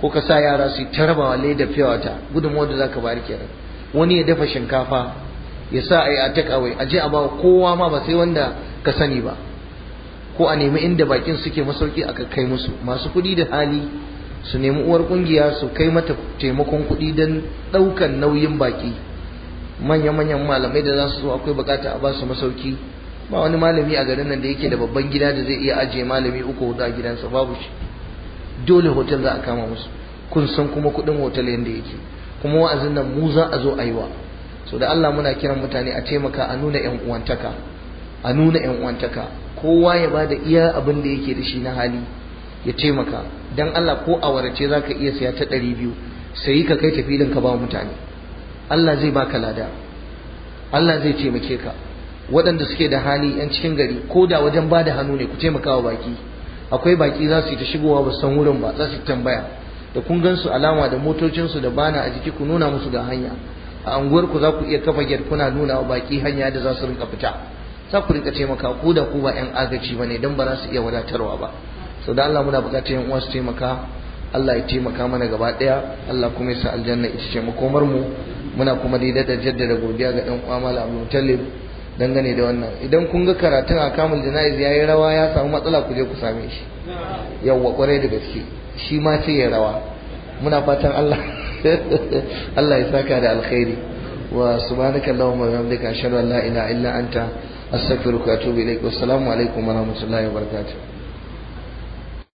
ko ka sa yara su yi ta rabawa leda fiya wata gudunmawar da za ka bari kenan wani ya dafa shinkafa ya sa a yi a take a je a ba kowa ma ba sai wanda ka sani ba ko a nemi inda bakin suke masauki aka kai musu masu kuɗi da hali su nemi uwar kungiya su kai mata taimakon kuɗi don ɗaukan nauyin baki manya-manyan malamai da za su zo akwai bukata a ba su masauki ba wani malami a garin nan da yake da babban gida da zai iya ajiye malami uku hudu a gidansa babu shi dole hotel za a kama musu kun san kuma kuɗin hotel yadda yake kuma wa'azin nan mu za a zo a yi wa so da Allah muna kiran mutane a taimaka a nuna yan uwantaka a nuna yan uwantaka kowa ya bada iya abin da yake da shi na hali ya taimaka Don Allah ko a warace ka iya siya ta ɗari biyu sai ka kai filin ka ba mutane Allah zai ka lada Allah zai taimake ka waɗanda suke da hali yan cikin gari ko da wajen ba da hannu ne ku taimaka wa baki akwai baki za su yi ta shigowa ba san wurin ba za su tambaya da kun gan alama da motocinsu da bana a jiki ku nuna musu ga hanya a anguwar ku za ku iya kafa gyar kuna nuna wa baki hanya da za su rinka fita za ku rinka taimaka ko da ku ba yan agaci ne don ba za su iya wadatarwa ba Sau da Allah muna bukatar yan uwa su taimaka Allah ya taimaka mana gaba daya Allah kuma ya sa aljanna ita ce makomar mu muna kuma daidai da jaddada godiya ga yan uwa mala Abdul Talib dangane da wannan idan kun ga karatun a kamul jana'iz ya yi rawa ya samu matsala ku je ku same shi yawwa kwarai da gaske shi ma sai ya rawa muna fatan Allah Allah ya saka da alkhairi wa subhanaka allahumma wa bihamdika ashhadu an la ilaha illa anta astaghfiruka wa atubu ilaik wa assalamu alaikum wa rahmatullahi wa barakatuh